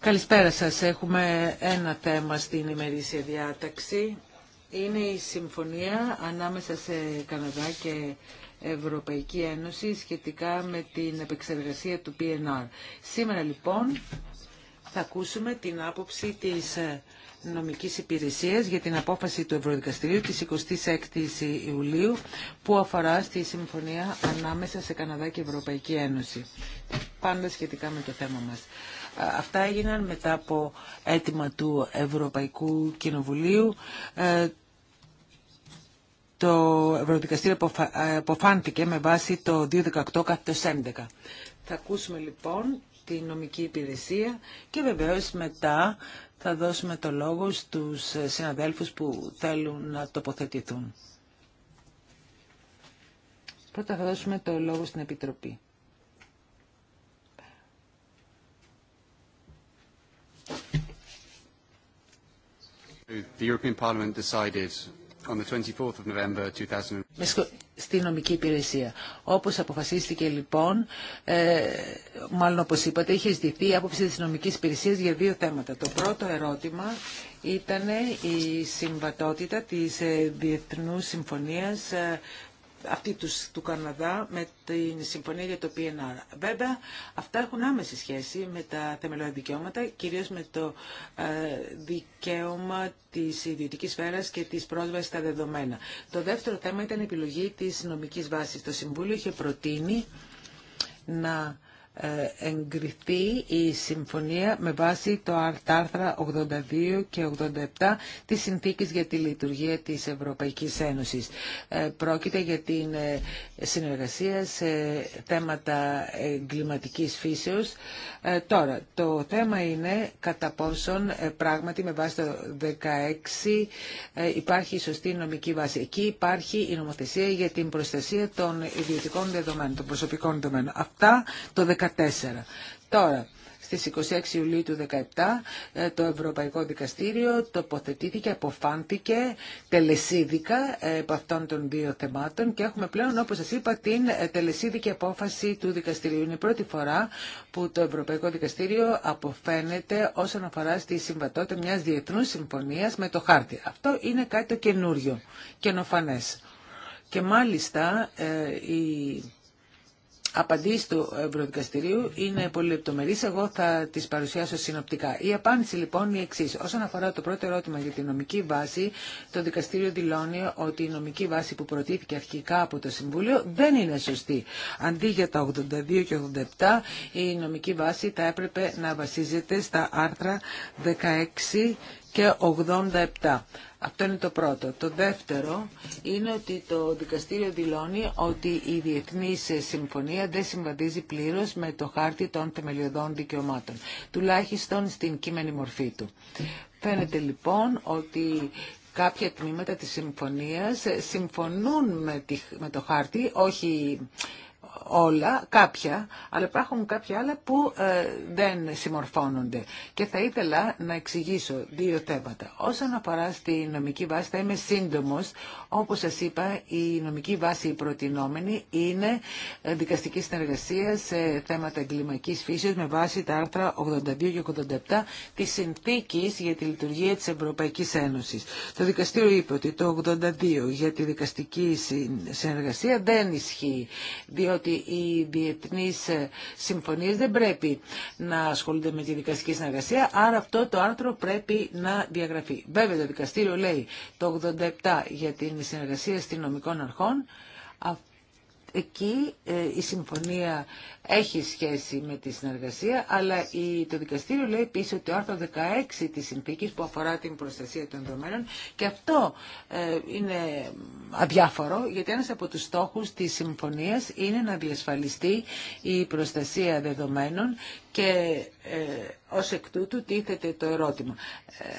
Καλησπέρα σας. Έχουμε ένα θέμα στην ημερήσια διάταξη. Είναι η συμφωνία ανάμεσα σε Καναδά και Ευρωπαϊκή Ένωση σχετικά με την επεξεργασία του PNR. Σήμερα λοιπόν θα ακούσουμε την άποψη της ε, νομικής υπηρεσίας για την απόφαση του Ευρωδικαστηρίου της 26ης Ιουλίου που αφορά στη συμφωνία ανάμεσα σε Καναδά και Ευρωπαϊκή Ένωση. Πάντα σχετικά με το θέμα μας. Ε, αυτά έγιναν μετά από αίτημα του Ευρωπαϊκού Κοινοβουλίου. Ε, το Ευρωδικαστήριο αποφάνθηκε με βάση το 218 11. Θα ακούσουμε λοιπόν η νομική υπηρεσία και βεβαίως μετά θα δώσουμε το λόγο στους συναδέλφους που θέλουν να τοποθετηθούν. Πρώτα θα δώσουμε το λόγο στην Επιτροπή. The European Parliament decided On the 24th of November 2000... Στη νομική υπηρεσία. Όπως αποφασίστηκε λοιπόν, ε, μάλλον όπως είπατε, είχε ζητηθεί η άποψη της νομικής υπηρεσίας για δύο θέματα. Το πρώτο ερώτημα ήταν η συμβατότητα της ε, Διεθνούς Συμφωνίας ε, αυτή του Καναδά με την συμφωνία για το PNR. Βέβαια, αυτά έχουν άμεση σχέση με τα θεμελιώδη δικαιώματα, κυρίως με το ε, δικαίωμα της ιδιωτικής σφαίρας και της πρόσβασης στα δεδομένα. Το δεύτερο θέμα ήταν η επιλογή της νομικής βάσης. Το Συμβούλιο είχε προτείνει να ε, εγκριθεί η συμφωνία με βάση το άρθρα 82 και 87 της Συνθήκης για τη Λειτουργία της Ευρωπαϊκής Ένωσης. Ε, πρόκειται για την ε, συνεργασία σε θέματα εγκληματικής φύσεως. Τώρα, το θέμα είναι κατά πόσον πράγματι με βάση το 16 υπάρχει η σωστή νομική βάση. Εκεί υπάρχει η νομοθεσία για την προστασία των ιδιωτικών δεδομένων, των προσωπικών δεδομένων. Αυτά το 16 Τώρα, στις 26 Ιουλίου του 2017 ε, το Ευρωπαϊκό Δικαστήριο τοποθετήθηκε, αποφάνθηκε τελεσίδικα ε, από αυτών των δύο θεμάτων και έχουμε πλέον όπως σας είπα την ε, τελεσίδικη απόφαση του δικαστηρίου. Είναι η πρώτη φορά που το Ευρωπαϊκό Δικαστήριο αποφαίνεται όσον αφορά στη συμβατότητα μιας διεθνούς συμφωνίας με το χάρτη. Αυτό είναι κάτι το καινούριο, καινοφανές. Και μάλιστα η απαντήσει του Ευρωδικαστηρίου είναι πολύ λεπτομερεί. Εγώ θα τι παρουσιάσω συνοπτικά. Η απάντηση λοιπόν είναι η εξή. Όσον αφορά το πρώτο ερώτημα για τη νομική βάση, το δικαστήριο δηλώνει ότι η νομική βάση που προτίθηκε αρχικά από το Συμβούλιο δεν είναι σωστή. Αντί για τα 82 και 87, η νομική βάση θα έπρεπε να βασίζεται στα άρθρα 16 και 87. Αυτό είναι το πρώτο. Το δεύτερο είναι ότι το δικαστήριο δηλώνει ότι η διεθνή Συμφωνία δεν συμβαδίζει πλήρως με το χάρτη των θεμελιωδών δικαιωμάτων, τουλάχιστον στην κείμενη μορφή του. Φαίνεται λοιπόν ότι κάποια τμήματα της συμφωνίας συμφωνούν με το χάρτη, όχι όλα, κάποια, αλλά υπάρχουν κάποια άλλα που ε, δεν συμμορφώνονται. Και θα ήθελα να εξηγήσω δύο θέματα. Όσον αφορά στη νομική βάση, θα είμαι σύντομος, όπως σας είπα, η νομική βάση προτινόμενη είναι ε, δικαστική συνεργασία σε θέματα εγκλημακής φύσεως με βάση τα άρθρα 82 και 87 της Συνθήκης για τη λειτουργία της Ευρωπαϊκής Ένωσης. Το δικαστήριο είπε ότι το 82 για τη δικαστική συνεργασία δεν ισχύει, διότι οι διεθνείς ε, συμφωνίες δεν πρέπει να ασχολούνται με τη δικαστική συνεργασία, άρα αυτό το άρθρο πρέπει να διαγραφεί. Βέβαια το δικαστήριο λέει το 87 για την τη συνεργασία αστυνομικών αρχών. Εκεί ε, η συμφωνία έχει σχέση με τη συνεργασία, αλλά το δικαστήριο λέει επίσης ότι το άρθρο 16 της συνθήκης που αφορά την προστασία των δεδομένων και αυτό ε, είναι αδιάφορο, γιατί ένας από τους στόχους της συμφωνίας είναι να διασφαλιστεί η προστασία δεδομένων και ε, ως εκ τούτου τίθεται το ερώτημα.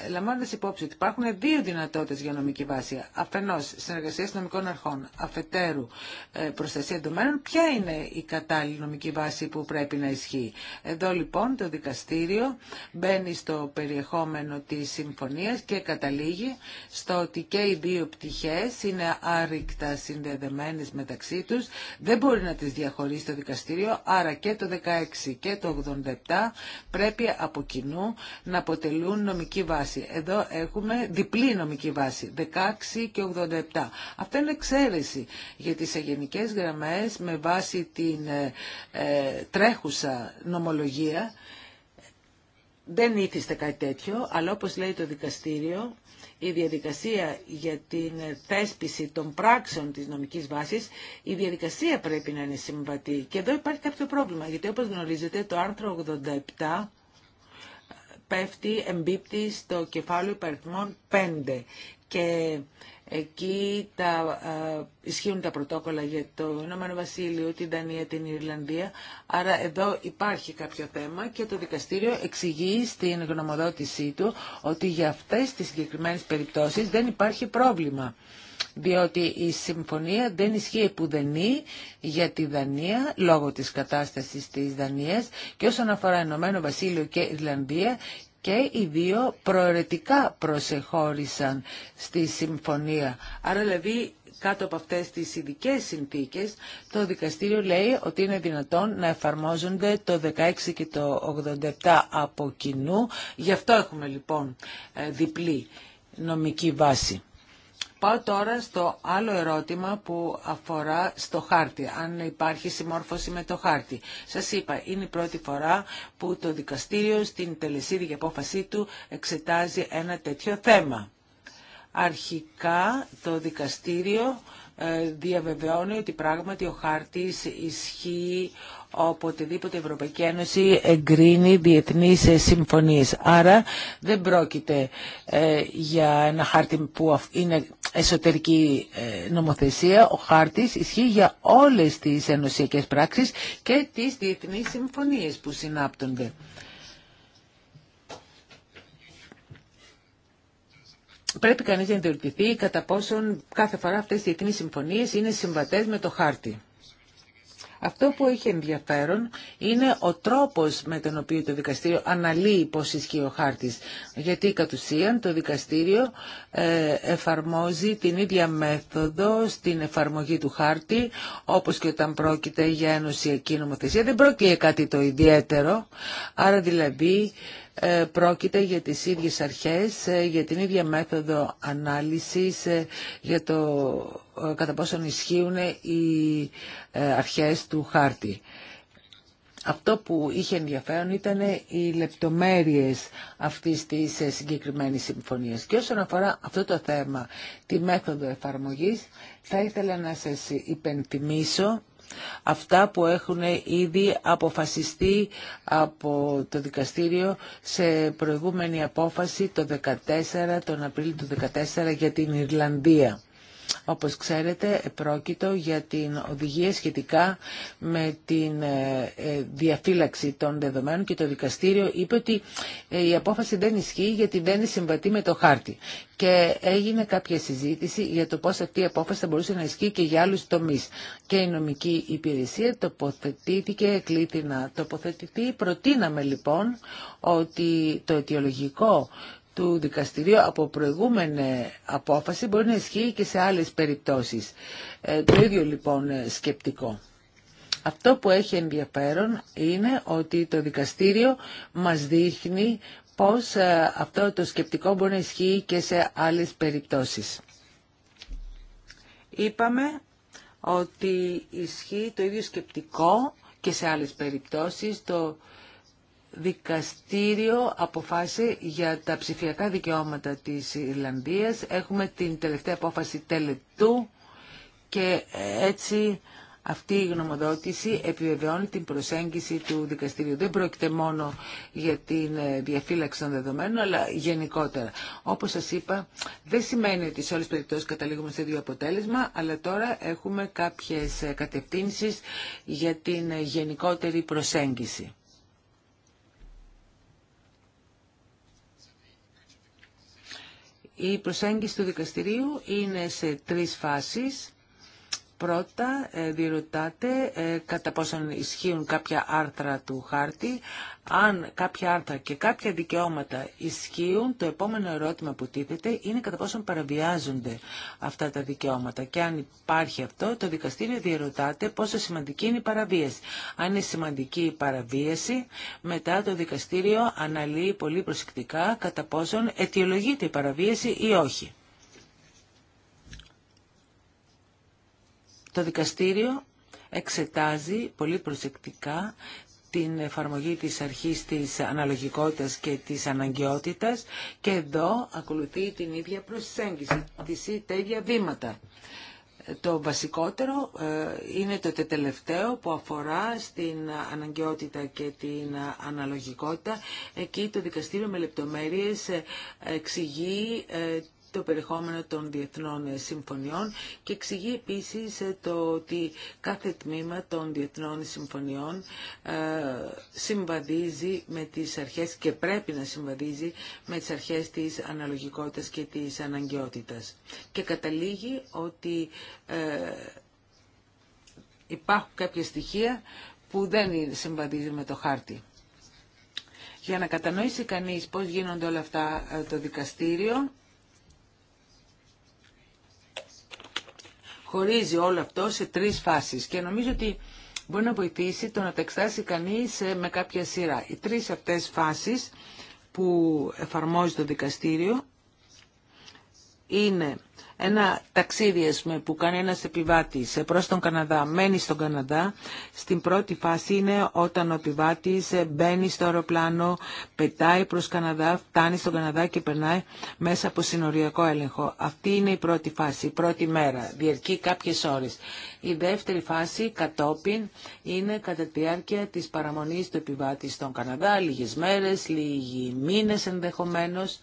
Ε, λαμβάνοντας υπόψη ότι υπάρχουν δύο δυνατότητες για νομική βάση. Αφενός, συνεργασία νομικών αρχών, αφετέρου, ε, προστασία εντομένων, ποια είναι η κατάλληλη νομική βάση που πρέπει να ισχύει. Εδώ λοιπόν το δικαστήριο μπαίνει στο περιεχόμενο της συμφωνίας και καταλήγει στο ότι και οι δύο πτυχές είναι άρρηκτα συνδεδεμένες μεταξύ τους. Δεν μπορεί να τις διαχωρίσει το δικαστήριο, άρα και το 16 και το πρέπει από κοινού να αποτελούν νομική βάση. Εδώ έχουμε διπλή νομική βάση, 16 και 87. Αυτό είναι εξαίρεση, για τις γενικές γραμμές με βάση την ε, ε, τρέχουσα νομολογία δεν ήθιστε κάτι τέτοιο, αλλά όπως λέει το δικαστήριο, η διαδικασία για την θέσπιση των πράξεων της νομικής βάσης, η διαδικασία πρέπει να είναι συμβατή. Και εδώ υπάρχει κάποιο πρόβλημα, γιατί όπως γνωρίζετε το άρθρο 87 πέφτει, εμπίπτει στο κεφάλαιο υπαριθμών 5 και Εκεί τα, ισχύουν τα πρωτόκολλα για το Ηνωμένο Βασίλειο, την Δανία, την Ιρλανδία. Άρα εδώ υπάρχει κάποιο θέμα και το δικαστήριο εξηγεί στην γνωμοδότησή του ότι για αυτές τις συγκεκριμένες περιπτώσεις δεν υπάρχει πρόβλημα. Διότι η συμφωνία δεν ισχύει πουδενή για τη Δανία λόγω της κατάστασης της Δανίας και όσον αφορά Ηνωμένο Βασίλειο και Ιρλανδία και οι δύο προαιρετικά προσεχώρησαν στη συμφωνία. Άρα δηλαδή κάτω από αυτές τις ειδικέ συνθήκες, το δικαστήριο λέει ότι είναι δυνατόν να εφαρμόζονται το 16 και το 87 από κοινού. Γι' αυτό έχουμε λοιπόν ε, διπλή νομική βάση. Πάω τώρα στο άλλο ερώτημα που αφορά στο χάρτη, αν υπάρχει συμμόρφωση με το χάρτη. Σας είπα, είναι η πρώτη φορά που το δικαστήριο στην τελεσίδικη απόφασή του εξετάζει ένα τέτοιο θέμα. Αρχικά το δικαστήριο ε, διαβεβαιώνει ότι πράγματι ο χάρτης ισχύει οποτεδήποτε η Ευρωπαϊκή Ένωση εγκρίνει διεθνείς συμφωνίες. Άρα δεν πρόκειται ε, για ένα χάρτη που είναι εσωτερική ε, νομοθεσία. Ο χάρτης ισχύει για όλες τις ενωσιακές πράξεις και τις διεθνείς συμφωνίες που συνάπτονται. πρέπει κανείς να διορτηθεί κατά πόσον κάθε φορά αυτές οι διεθνείς συμφωνίες είναι συμβατές με το χάρτη. Αυτό που έχει ενδιαφέρον είναι ο τρόπος με τον οποίο το δικαστήριο αναλύει πώς ισχύει ο χάρτης. Γιατί κατ' ουσίαν το δικαστήριο ε, εφαρμόζει την ίδια μέθοδο στην εφαρμογή του χάρτη, όπως και όταν πρόκειται για ενωσιακή νομοθεσία. Δεν πρόκειται κάτι το ιδιαίτερο, άρα δηλαδή ε, πρόκειται για τις ίδιες αρχές, ε, για την ίδια μέθοδο ανάλυσης, ε, για το κατά πόσον ισχύουν οι αρχές του χάρτη. Αυτό που είχε ενδιαφέρον ήταν οι λεπτομέρειες αυτής της συγκεκριμένης συμφωνίας. Και όσον αφορά αυτό το θέμα, τη μέθοδο εφαρμογής, θα ήθελα να σας υπενθυμίσω Αυτά που έχουν ήδη αποφασιστεί από το δικαστήριο σε προηγούμενη απόφαση το 14, τον Απρίλιο του 2014 για την Ιρλανδία. Όπως ξέρετε, πρόκειτο για την οδηγία σχετικά με την ε, ε, διαφύλαξη των δεδομένων και το δικαστήριο είπε ότι ε, η απόφαση δεν ισχύει γιατί δεν συμβατεί με το χάρτη. Και έγινε κάποια συζήτηση για το πώς αυτή η απόφαση θα μπορούσε να ισχύει και για άλλους τομείς. Και η νομική υπηρεσία τοποθετήθηκε, εκλήθη να τοποθετηθεί. Προτείναμε λοιπόν ότι το αιτιολογικό το δικαστήριο από προηγούμενη απόφαση μπορεί να ισχύει και σε άλλες περιπτώσεις. Ε, το ίδιο λοιπόν ε, σκεπτικό. Αυτό που έχει ενδιαφέρον είναι ότι το δικαστήριο μας δείχνει πώς ε, αυτό το σκεπτικό μπορεί να ισχύει και σε άλλες περιπτώσεις. Είπαμε ότι ισχύει το ίδιο σκεπτικό και σε άλλες περιπτώσεις. Το δικαστήριο αποφάσισε για τα ψηφιακά δικαιώματα της Ιρλανδίας. Έχουμε την τελευταία απόφαση τελετού και έτσι αυτή η γνωμοδότηση επιβεβαιώνει την προσέγγιση του δικαστηρίου. Δεν πρόκειται μόνο για την ε, διαφύλαξη των δεδομένων, αλλά γενικότερα. Όπως σας είπα, δεν σημαίνει ότι σε όλες τις περιπτώσεις καταλήγουμε σε δύο αποτέλεσμα, αλλά τώρα έχουμε κάποιες ε, κατευθύνσεις για την ε, γενικότερη προσέγγιση. Η προσέγγιση του δικαστηρίου είναι σε τρεις φάσεις. Πρώτα ε, διερωτάτε κατά πόσον ισχύουν κάποια άρθρα του χάρτη. Αν κάποια άρθρα και κάποια δικαιώματα ισχύουν, το επόμενο ερώτημα που τίθεται είναι κατά πόσον παραβιάζονται αυτά τα δικαιώματα. Και αν υπάρχει αυτό, το δικαστήριο διερωτάται πόσο σημαντική είναι η παραβίαση. Αν είναι σημαντική η παραβίαση, μετά το δικαστήριο αναλύει πολύ προσεκτικά κατά πόσον αιτιολογείται η παραβίαση ή όχι. Το δικαστήριο εξετάζει πολύ προσεκτικά την εφαρμογή της αρχής της αναλογικότητας και της αναγκαιότητας και εδώ ακολουθεί την ίδια προσέγγιση, τις τα ίδια βήματα. Το βασικότερο ε, είναι το τελευταίο που αφορά στην αναγκαιότητα και την αναλογικότητα. Εκεί το δικαστήριο με λεπτομέρειες ε, εξηγεί ε, το περιεχόμενο των διεθνών συμφωνιών και εξηγεί επίσης ε, το ότι κάθε τμήμα των διεθνών συμφωνιών ε, συμβαδίζει με τις αρχές και πρέπει να συμβαδίζει με τις αρχές της αναλογικότητας και της αναγκαιότητας. Και καταλήγει ότι ε, υπάρχουν κάποια στοιχεία που δεν συμβαδίζουν με το χάρτη. Για να κατανοήσει κανείς πώς γίνονται όλα αυτά το δικαστήριο, χωρίζει όλο αυτό σε τρεις φάσεις και νομίζω ότι μπορεί να βοηθήσει το να τα εξτάσει κανείς ε, με κάποια σειρά. Οι τρεις αυτές φάσεις που εφαρμόζει το δικαστήριο είναι ένα ταξίδι που κάνει ένας επιβάτης προς τον Καναδά, μένει στον Καναδά, στην πρώτη φάση είναι όταν ο επιβάτης μπαίνει στο αεροπλάνο, πετάει προς Καναδά, φτάνει στον Καναδά και περνάει μέσα από συνοριακό έλεγχο. Αυτή είναι η πρώτη φάση, η πρώτη μέρα, διαρκεί κάποιες ώρες. Η δεύτερη φάση κατόπιν είναι κατά τη διάρκεια της παραμονής του επιβάτη στον Καναδά, λίγες μέρες, λίγοι μήνες ενδεχομένως.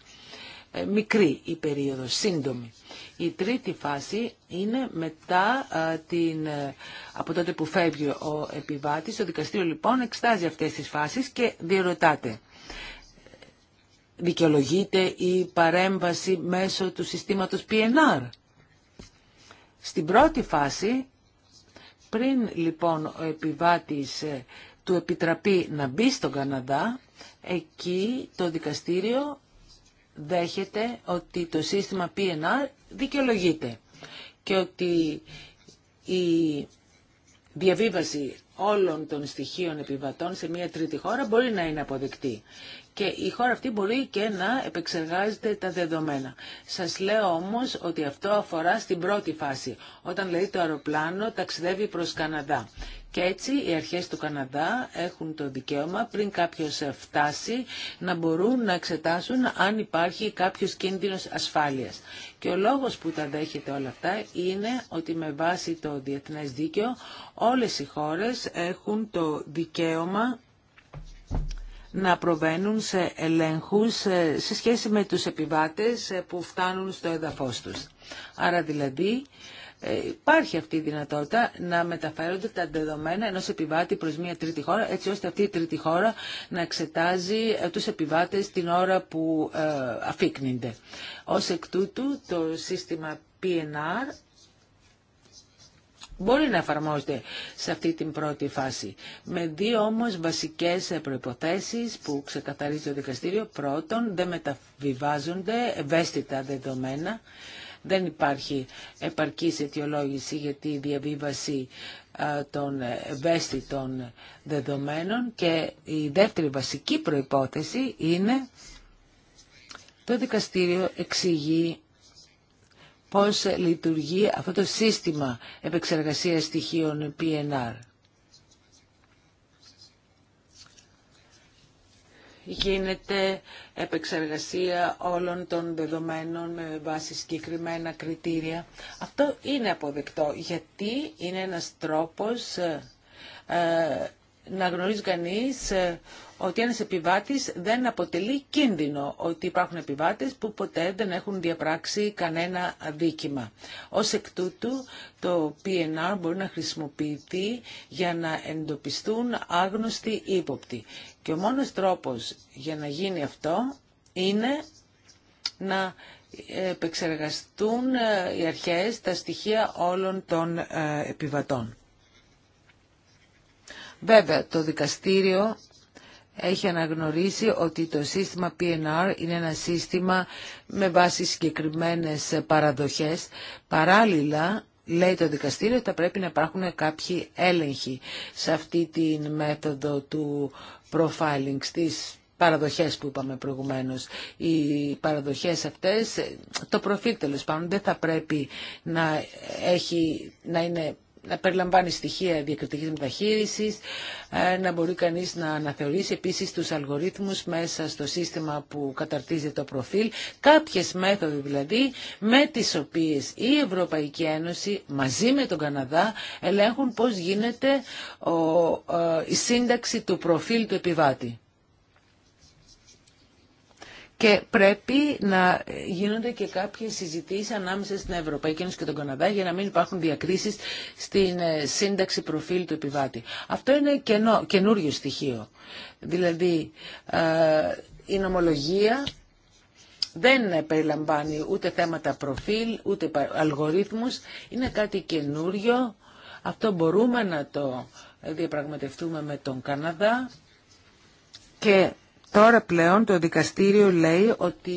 Ε, μικρή η περίοδος, σύντομη. Η τρίτη φάση είναι μετά την, ε, από τότε που φεύγει ο επιβάτης. Το δικαστήριο λοιπόν εξτάζει αυτές τις φάσεις και διερωτάται. Δικαιολογείται η παρέμβαση μέσω του συστήματος PNR. Στην πρώτη φάση, πριν λοιπόν ο επιβάτης ε, του επιτραπεί να μπει στον Καναδά, εκεί το δικαστήριο δέχεται ότι το σύστημα PNR δικαιολογείται και ότι η διαβίβαση όλων των στοιχείων επιβατών σε μια τρίτη χώρα μπορεί να είναι αποδεκτή και η χώρα αυτή μπορεί και να επεξεργάζεται τα δεδομένα. Σας λέω όμως ότι αυτό αφορά στην πρώτη φάση, όταν δηλαδή το αεροπλάνο ταξιδεύει προς Καναδά. Και έτσι οι αρχές του Καναδά έχουν το δικαίωμα πριν κάποιος φτάσει να μπορούν να εξετάσουν αν υπάρχει κάποιος κίνδυνος ασφάλειας. Και ο λόγος που τα δέχεται όλα αυτά είναι ότι με βάση το διεθνές δίκαιο όλες οι χώρες έχουν το δικαίωμα να προβαίνουν σε ελέγχους ε, σε σχέση με τους επιβάτες ε, που φτάνουν στο έδαφος τους. Άρα δηλαδή ε, υπάρχει αυτή η δυνατότητα να μεταφέρονται τα δεδομένα ενός επιβάτη προς μια τρίτη χώρα, έτσι ώστε αυτή η τρίτη χώρα να εξετάζει τους επιβάτες την ώρα που αφήκνυνται. Ως εκ τούτου το σύστημα PNR μπορεί να εφαρμόζεται σε αυτή την πρώτη φάση. Με δύο όμως βασικές προϋποθέσεις που ξεκαθαρίζει το δικαστήριο. Πρώτον, δεν μεταβιβάζονται ευαίσθητα δεδομένα. Δεν υπάρχει επαρκής αιτιολόγηση για τη διαβίβαση των ευαίσθητων δεδομένων και η δεύτερη βασική προϋπόθεση είναι το δικαστήριο εξηγεί πώς λειτουργεί αυτό το σύστημα επεξεργασίας στοιχείων PNR. Γίνεται επεξεργασία όλων των δεδομένων με βάση συγκεκριμένα κριτήρια. Αυτό είναι αποδεκτό, γιατί είναι ένας τρόπος ε, ε, να γνωρίζει κανείς ε, ότι ένας επιβάτης δεν αποτελεί κίνδυνο, ότι υπάρχουν επιβάτες που ποτέ δεν έχουν διαπράξει κανένα δίκημα. Ως εκ τούτου, το PNR μπορεί να χρησιμοποιηθεί για να εντοπιστούν άγνωστοι ύποπτοι. Και ο μόνος τρόπος για να γίνει αυτό είναι να επεξεργαστούν ε, οι αρχές τα στοιχεία όλων των ε, επιβατών. Βέβαια, το δικαστήριο έχει αναγνωρίσει ότι το σύστημα PNR είναι ένα σύστημα με βάση συγκεκριμένες παραδοχές. Παράλληλα, λέει το δικαστήριο ότι θα πρέπει να υπάρχουν κάποιοι έλεγχοι σε αυτή τη μέθοδο του profiling στις παραδοχές που είπαμε προηγουμένως. Οι παραδοχές αυτές, το προφίλ τέλο πάντων δεν θα πρέπει να, έχει, να είναι να περιλαμβάνει στοιχεία διακριτικής μεταχείρισης, ε, να μπορεί κανείς να αναθεωρήσει επίσης τους αλγορίθμους μέσα στο σύστημα που καταρτίζει το προφίλ, κάποιες μέθοδοι δηλαδή με τις οποίες η Ευρωπαϊκή Ένωση μαζί με τον Καναδά ελέγχουν πώς γίνεται ε, η σύνταξη του προφίλ του επιβάτη. Και πρέπει να γίνονται και κάποιε συζητήσει ανάμεσα στην Ευρωπαϊκή Ένωση και τον Καναδά για να μην υπάρχουν διακρίσει στην ε, σύνταξη προφίλ του επιβάτη. Αυτό είναι καινούριο στοιχείο. Δηλαδή ε, η νομολογία δεν περιλαμβάνει ούτε θέματα προφίλ, ούτε αλγορίθμους. Είναι κάτι καινούριο. Αυτό μπορούμε να το διαπραγματευτούμε με τον Καναδά και Τώρα πλέον το δικαστήριο λέει ότι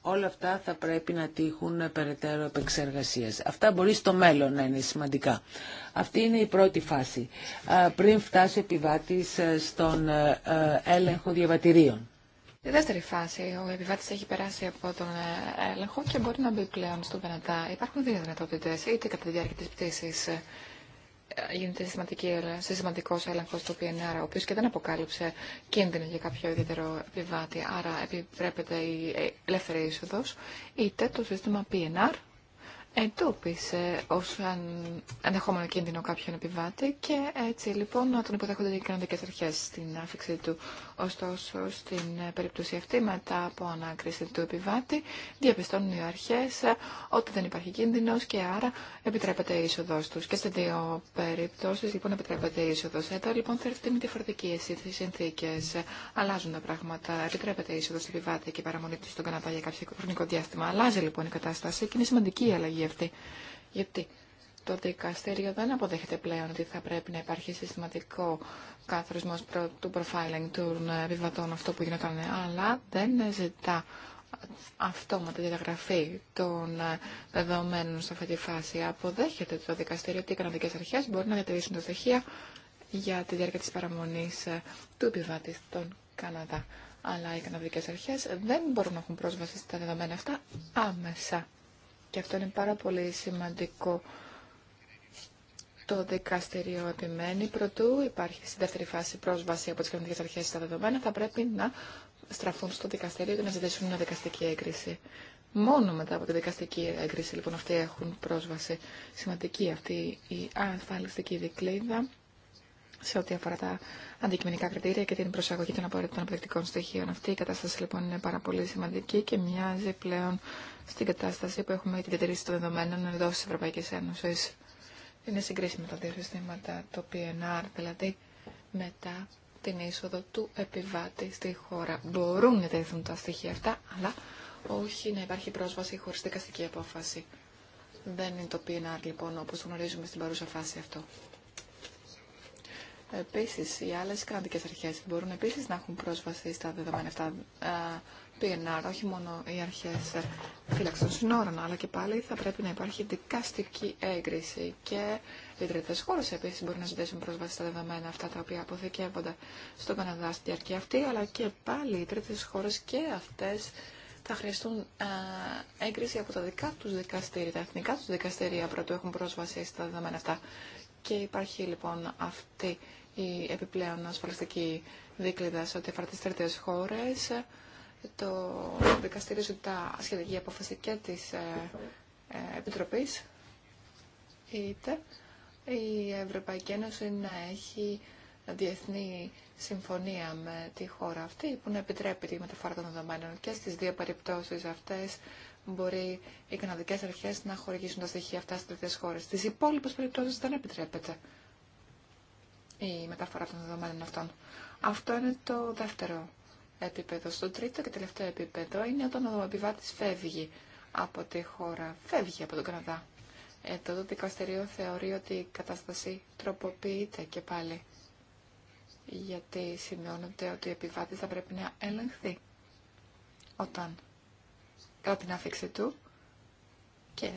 όλα αυτά θα πρέπει να τύχουν περαιτέρω επεξεργασίας. Αυτά μπορεί στο μέλλον να είναι σημαντικά. Αυτή είναι η πρώτη φάση, πριν φτάσει ο επιβάτης ε, στον ε, ε, έλεγχο διαβατηρίων. Η δεύτερη φάση, ο επιβάτη έχει περάσει από τον έλεγχο και μπορεί να μπει πλέον στον πενατά. Υπάρχουν δύο δυνατότητε, είτε κατά τη διάρκεια τη πτήση ε, γίνεται σημαντικό έλεγχο του PNR, ο οποίο και δεν αποκάλυψε κίνδυνο για κάποιο ιδιαίτερο επιβάτη, άρα επιτρέπεται η ε, ελεύθερη είσοδο, είτε το σύστημα PNR εντόπισε ως ενδεχόμενο κίνδυνο κάποιον επιβάτη και έτσι λοιπόν να τον υποδέχονται οι κοινωνικέ αρχέ στην άφηξη του Ωστόσο, στην ε, περίπτωση αυτή, μετά από ανάκριση του επιβάτη, διαπιστώνουν οι αρχέ, ε, ότι δεν υπάρχει κίνδυνο και άρα επιτρέπεται η είσοδο του. Και σε δύο περιπτώσει, λοιπόν, επιτρέπεται η είσοδο. Εδώ, λοιπόν, έρθει με διαφορετική οι συνθήκες. Αλλάζουν τα πράγματα. Επιτρέπεται η είσοδο του επιβάτη και η παραμονή του στον Καναδά για κάποιο χρονικό διάστημα. Αλλάζει, λοιπόν, η κατάσταση και είναι σημαντική η αλλαγή αυτή. Γιατί το δικαστήριο δεν αποδέχεται πλέον ότι θα πρέπει να υπάρχει συστηματικό καθορισμός του profiling των επιβατών, αυτό που γινόταν, αλλά δεν ζητά αυτόματα διαγραφή των δεδομένων σε αυτή τη φάση. Αποδέχεται το δικαστήριο ότι οι καναδικές αρχέ μπορούν να διατηρήσουν τα στοιχεία για τη διάρκεια τη παραμονή του επιβάτη στον Καναδά. Αλλά οι καναδικέ αρχέ δεν μπορούν να έχουν πρόσβαση στα δεδομένα αυτά άμεσα. Και αυτό είναι πάρα πολύ σημαντικό το δικαστήριο επιμένει πρωτού υπάρχει στη δεύτερη φάση πρόσβαση από τι κοινωνικέ αρχέ στα δεδομένα. Θα πρέπει να στραφούν στο δικαστήριο και να ζητήσουν μια δικαστική έγκριση. Μόνο μετά από τη δικαστική έγκριση λοιπόν αυτοί έχουν πρόσβαση. Σημαντική αυτή η ασφαλιστική δικλίδα σε ό,τι αφορά τα αντικειμενικά κριτήρια και την προσαγωγή των απαραίτητων αποδεκτικών στοιχείων. Αυτή η κατάσταση λοιπόν είναι πάρα πολύ σημαντική και μοιάζει πλέον στην κατάσταση που έχουμε την διατηρήση των δεδομένων εντό τη Ευρωπαϊκή Ένωση είναι με τα δύο συστήματα, το PNR, δηλαδή μετά την είσοδο του επιβάτη στη χώρα. Μπορούν να τεθούν τα στοιχεία αυτά, αλλά όχι να υπάρχει πρόσβαση χωρίς δικαστική απόφαση. Δεν είναι το PNR λοιπόν όπως γνωρίζουμε στην παρούσα φάση αυτό. Επίσης, οι άλλες κρατικές αρχές μπορούν επίσης να έχουν πρόσβαση στα δεδομένα αυτά PNR, όχι μόνο οι αρχέ φύλαξη των συνόρων, αλλά και πάλι θα πρέπει να υπάρχει δικαστική έγκριση και οι τρίτε χώρε επίση μπορεί να ζητήσουν πρόσβαση στα δεδομένα αυτά τα οποία αποθηκεύονται στον Καναδά στη διάρκεια αυτή, αλλά και πάλι οι τρίτε χώρε και αυτέ θα χρειαστούν έγκριση από τα δικά του δικαστήρια, τα εθνικά του δικαστήρια, πρώτου έχουν πρόσβαση στα δεδομένα αυτά. Και υπάρχει λοιπόν αυτή η επιπλέον ασφαλιστική δίκλυδα σε ό,τι αφορά τι τρίτε χώρε το δικαστήριο ζητά σχετική απόφαση και της ε, ε, Επιτροπής, είτε η Ευρωπαϊκή Ένωση να έχει διεθνή συμφωνία με τη χώρα αυτή που να επιτρέπει τη μεταφορά των δεδομένων και στις δύο περιπτώσεις αυτές μπορεί οι καναδικές αρχές να χορηγήσουν τα στοιχεία αυτά στις τρίτες χώρες. Στις υπόλοιπες περιπτώσεις δεν επιτρέπεται η μεταφορά των δεδομένων αυτών. Αυτό είναι το δεύτερο επίπεδο. Στο τρίτο και τελευταίο επίπεδο είναι όταν ο επιβάτης φεύγει από τη χώρα, φεύγει από τον Καναδά. Ε, το δικαστηρίο θεωρεί ότι η κατάσταση τροποποιείται και πάλι. Γιατί σημειώνονται ότι ο επιβάτης θα πρέπει να ελεγχθεί όταν κατά την άφηξη του και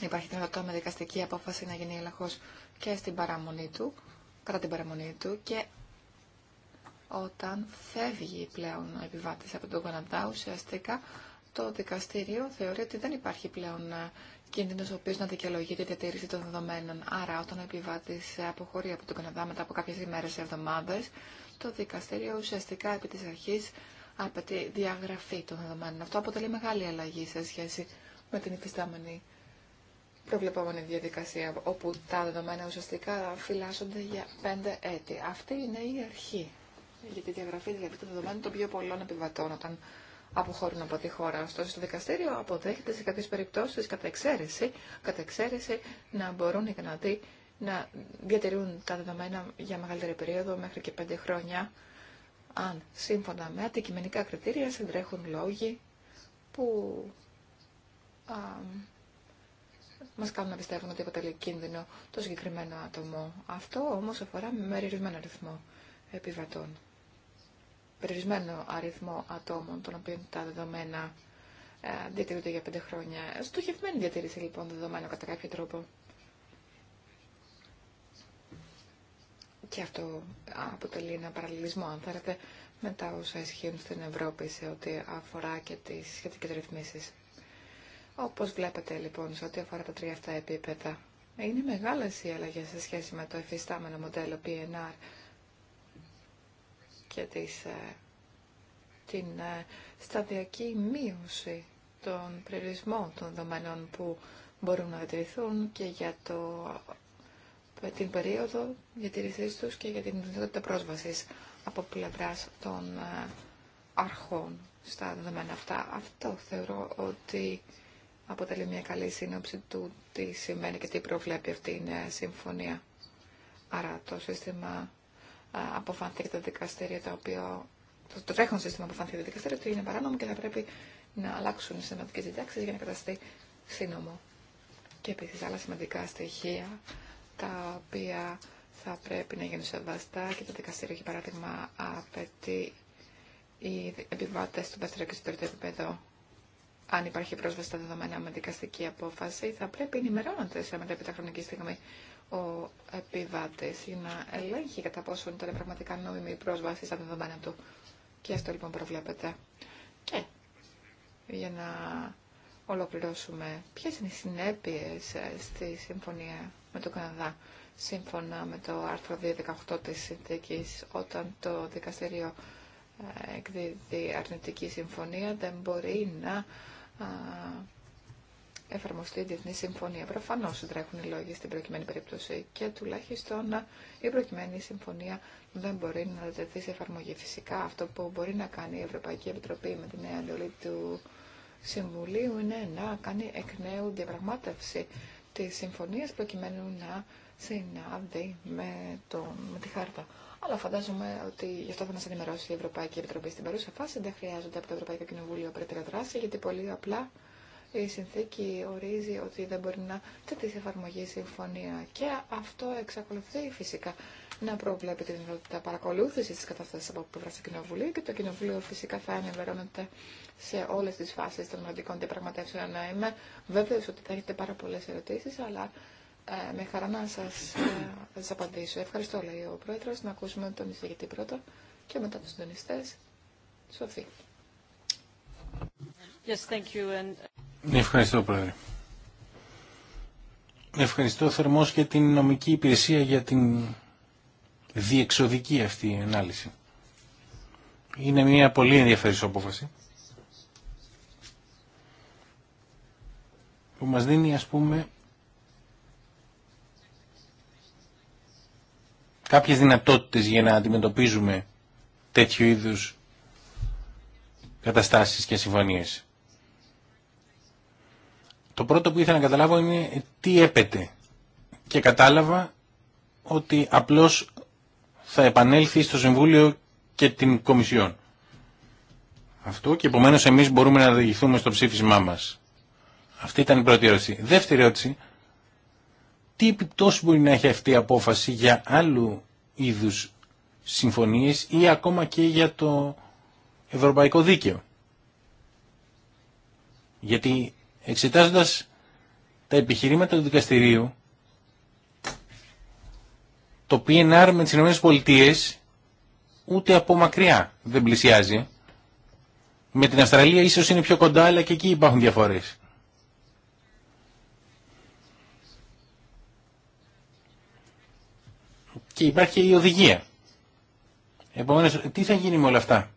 υπάρχει δυνατότητα με δικαστική απόφαση να γίνει έλεγχο και στην παραμονή του, κατά την παραμονή του και όταν φεύγει πλέον ο επιβάτης από τον Καναδά, ουσιαστικά το δικαστήριο θεωρεί ότι δεν υπάρχει πλέον ε, κίνδυνος ο οποίος να δικαιολογεί τη διατήρηση των δεδομένων. Άρα, όταν ο επιβάτης ε, αποχωρεί από τον Καναδά μετά από κάποιες ημέρες ή εβδομάδες, το δικαστήριο ουσιαστικά επί της αρχής απαιτεί διαγραφή των δεδομένων. Αυτό αποτελεί μεγάλη αλλαγή σε σχέση με την υφιστάμενη προβλεπόμενη διαδικασία, όπου τα δεδομένα ουσιαστικά φυλάσσονται για πέντε έτη. Αυτή είναι η αρχή γιατί τη διαγραφή δηλαδή των δεδομένων των πιο πολλών επιβατών όταν αποχωρούν από τη χώρα. Ωστόσο, το δικαστήριο αποδέχεται σε κάποιε περιπτώσει κατά εξαίρεση, κατά εξαίρεση να μπορούν οι Καναδοί να διατηρούν τα δεδομένα για μεγαλύτερη περίοδο, μέχρι και πέντε χρόνια, αν σύμφωνα με αντικειμενικά κριτήρια συντρέχουν λόγοι που α, μας κάνουν να πιστεύουν ότι αποτελεί κίνδυνο το συγκεκριμένο άτομο. Αυτό όμως αφορά με μερισμένο αριθμό επιβατών περιορισμένο αριθμό ατόμων των οποίων τα δεδομένα ε, διατηρούνται για πέντε χρόνια. Στοχευμένη διατήρηση λοιπόν δεδομένων κατά κάποιο τρόπο. Και αυτό αποτελεί ένα παραλληλισμό, αν θέλετε, με τα όσα ισχύουν στην Ευρώπη σε ό,τι αφορά και τι σχετικέ ρυθμίσει. Όπω βλέπετε λοιπόν, σε ό,τι αφορά τα τρία αυτά επίπεδα, είναι μεγάλε οι αλλαγέ σε σχέση με το εφιστάμενο μοντέλο PNR και ε, την ε, σταδιακή μείωση των περιορισμών των δεδομένων που μπορούν να διατηρηθούν και για το, ε, την περίοδο ρύθμιση τους και για την δυνατότητα πρόσβασης από πλευρά των αρχών στα δεδομένα αυτά. Αυτό θεωρώ ότι αποτελεί μια καλή σύνοψη του τι σημαίνει και τι προβλέπει αυτή η νέα συμφωνία. Άρα το σύστημα αποφανθεί το δικαστήριο το οποίο το, τρέχον σύστημα αποφανθεί το δικαστήριο ότι είναι παράνομο και θα πρέπει να αλλάξουν οι σημαντικέ διτάξει για να καταστεί σύνομο. Και επίση άλλα σημαντικά στοιχεία τα οποία θα πρέπει να γίνουν σεβαστά και το δικαστήριο, για παράδειγμα, απαιτεί οι επιβάτε του δεύτερου και του τρίτο επίπεδου αν υπάρχει πρόσβαση στα δεδομένα με δικαστική απόφαση, θα πρέπει ενημερώνονται σε μετέπειτα χρονική στιγμή ο επίβατη για να ελέγχει κατά πόσο ήταν πραγματικά νόμιμη η πρόσβαση στα δεδομένα του. Και αυτό λοιπόν προβλέπεται. Και για να ολοκληρώσουμε, ποιε είναι οι συνέπειε ε, στη συμφωνία με τον Καναδά σύμφωνα με το άρθρο 218 της συνθήκης όταν το δικαστήριο ε, εκδίδει αρνητική συμφωνία δεν μπορεί να εφαρμοστεί η Διεθνή Συμφωνία. Προφανώ τρέχουν οι λόγοι στην προκειμένη περίπτωση και τουλάχιστον η προκειμένη συμφωνία δεν μπορεί να τεθεί σε εφαρμογή. Φυσικά αυτό που μπορεί να κάνει η Ευρωπαϊκή Επιτροπή με τη νέα εντολή του Συμβουλίου είναι να κάνει εκ νέου διαπραγμάτευση τη συμφωνία προκειμένου να συνάδει με, το, με τη χάρτα. Αλλά φαντάζομαι ότι γι' αυτό θα μα ενημερώσει η Ευρωπαϊκή Επιτροπή στην παρούσα φάση. Δεν χρειάζονται από το Ευρωπαϊκό Κοινοβούλιο πρέπει να γιατί πολύ απλά η συνθήκη ορίζει ότι δεν μπορεί να τέτοιες σε εφαρμογή συμφωνία και αυτό εξακολουθεί φυσικά να προβλέπει την δυνατότητα παρακολούθηση τη κατάσταση από πλευρά του Κοινοβουλίου και το Κοινοβούλιο φυσικά θα ενημερώνεται σε όλε τι φάσει των μελλοντικών διαπραγματεύσεων. Να είμαι βέβαιο ότι θα έχετε πάρα πολλέ ερωτήσει, αλλά ε, με χαρά να σα ε, απαντήσω. Ευχαριστώ, λέει ο Πρόεδρο, να ακούσουμε τον εισηγητή πρώτα και μετά του συντονιστέ. Σοφή. Yes, thank you and... Ευχαριστώ Πρόεδρε. Ευχαριστώ θερμός και την νομική υπηρεσία για την διεξοδική αυτή ανάλυση. Είναι μια πολύ ενδιαφέρουσα απόφαση. Που μας δίνει ας πούμε κάποιες δυνατότητες για να αντιμετωπίζουμε τέτοιου είδους καταστάσεις και συμφωνίες. Το πρώτο που ήθελα να καταλάβω είναι τι έπεται. Και κατάλαβα ότι απλώς θα επανέλθει στο Συμβούλιο και την Κομισιόν. Αυτό και επομένω εμείς μπορούμε να διηγηθούμε στο ψήφισμά μας. Αυτή ήταν η πρώτη ερώτηση. Δεύτερη ερώτηση, τι επιπτώσει μπορεί να έχει αυτή η απόφαση για άλλου είδους συμφωνίες ή ακόμα και για το ευρωπαϊκό δίκαιο. Γιατί Εξετάζοντας τα επιχειρήματα του δικαστηρίου, το PNR με τις ΗΠΑ ούτε από μακριά δεν πλησιάζει. Με την Αυστραλία ίσως είναι πιο κοντά, αλλά και εκεί υπάρχουν διαφορές. Και υπάρχει και η οδηγία. Επομένως, τι θα γίνει με όλα αυτά.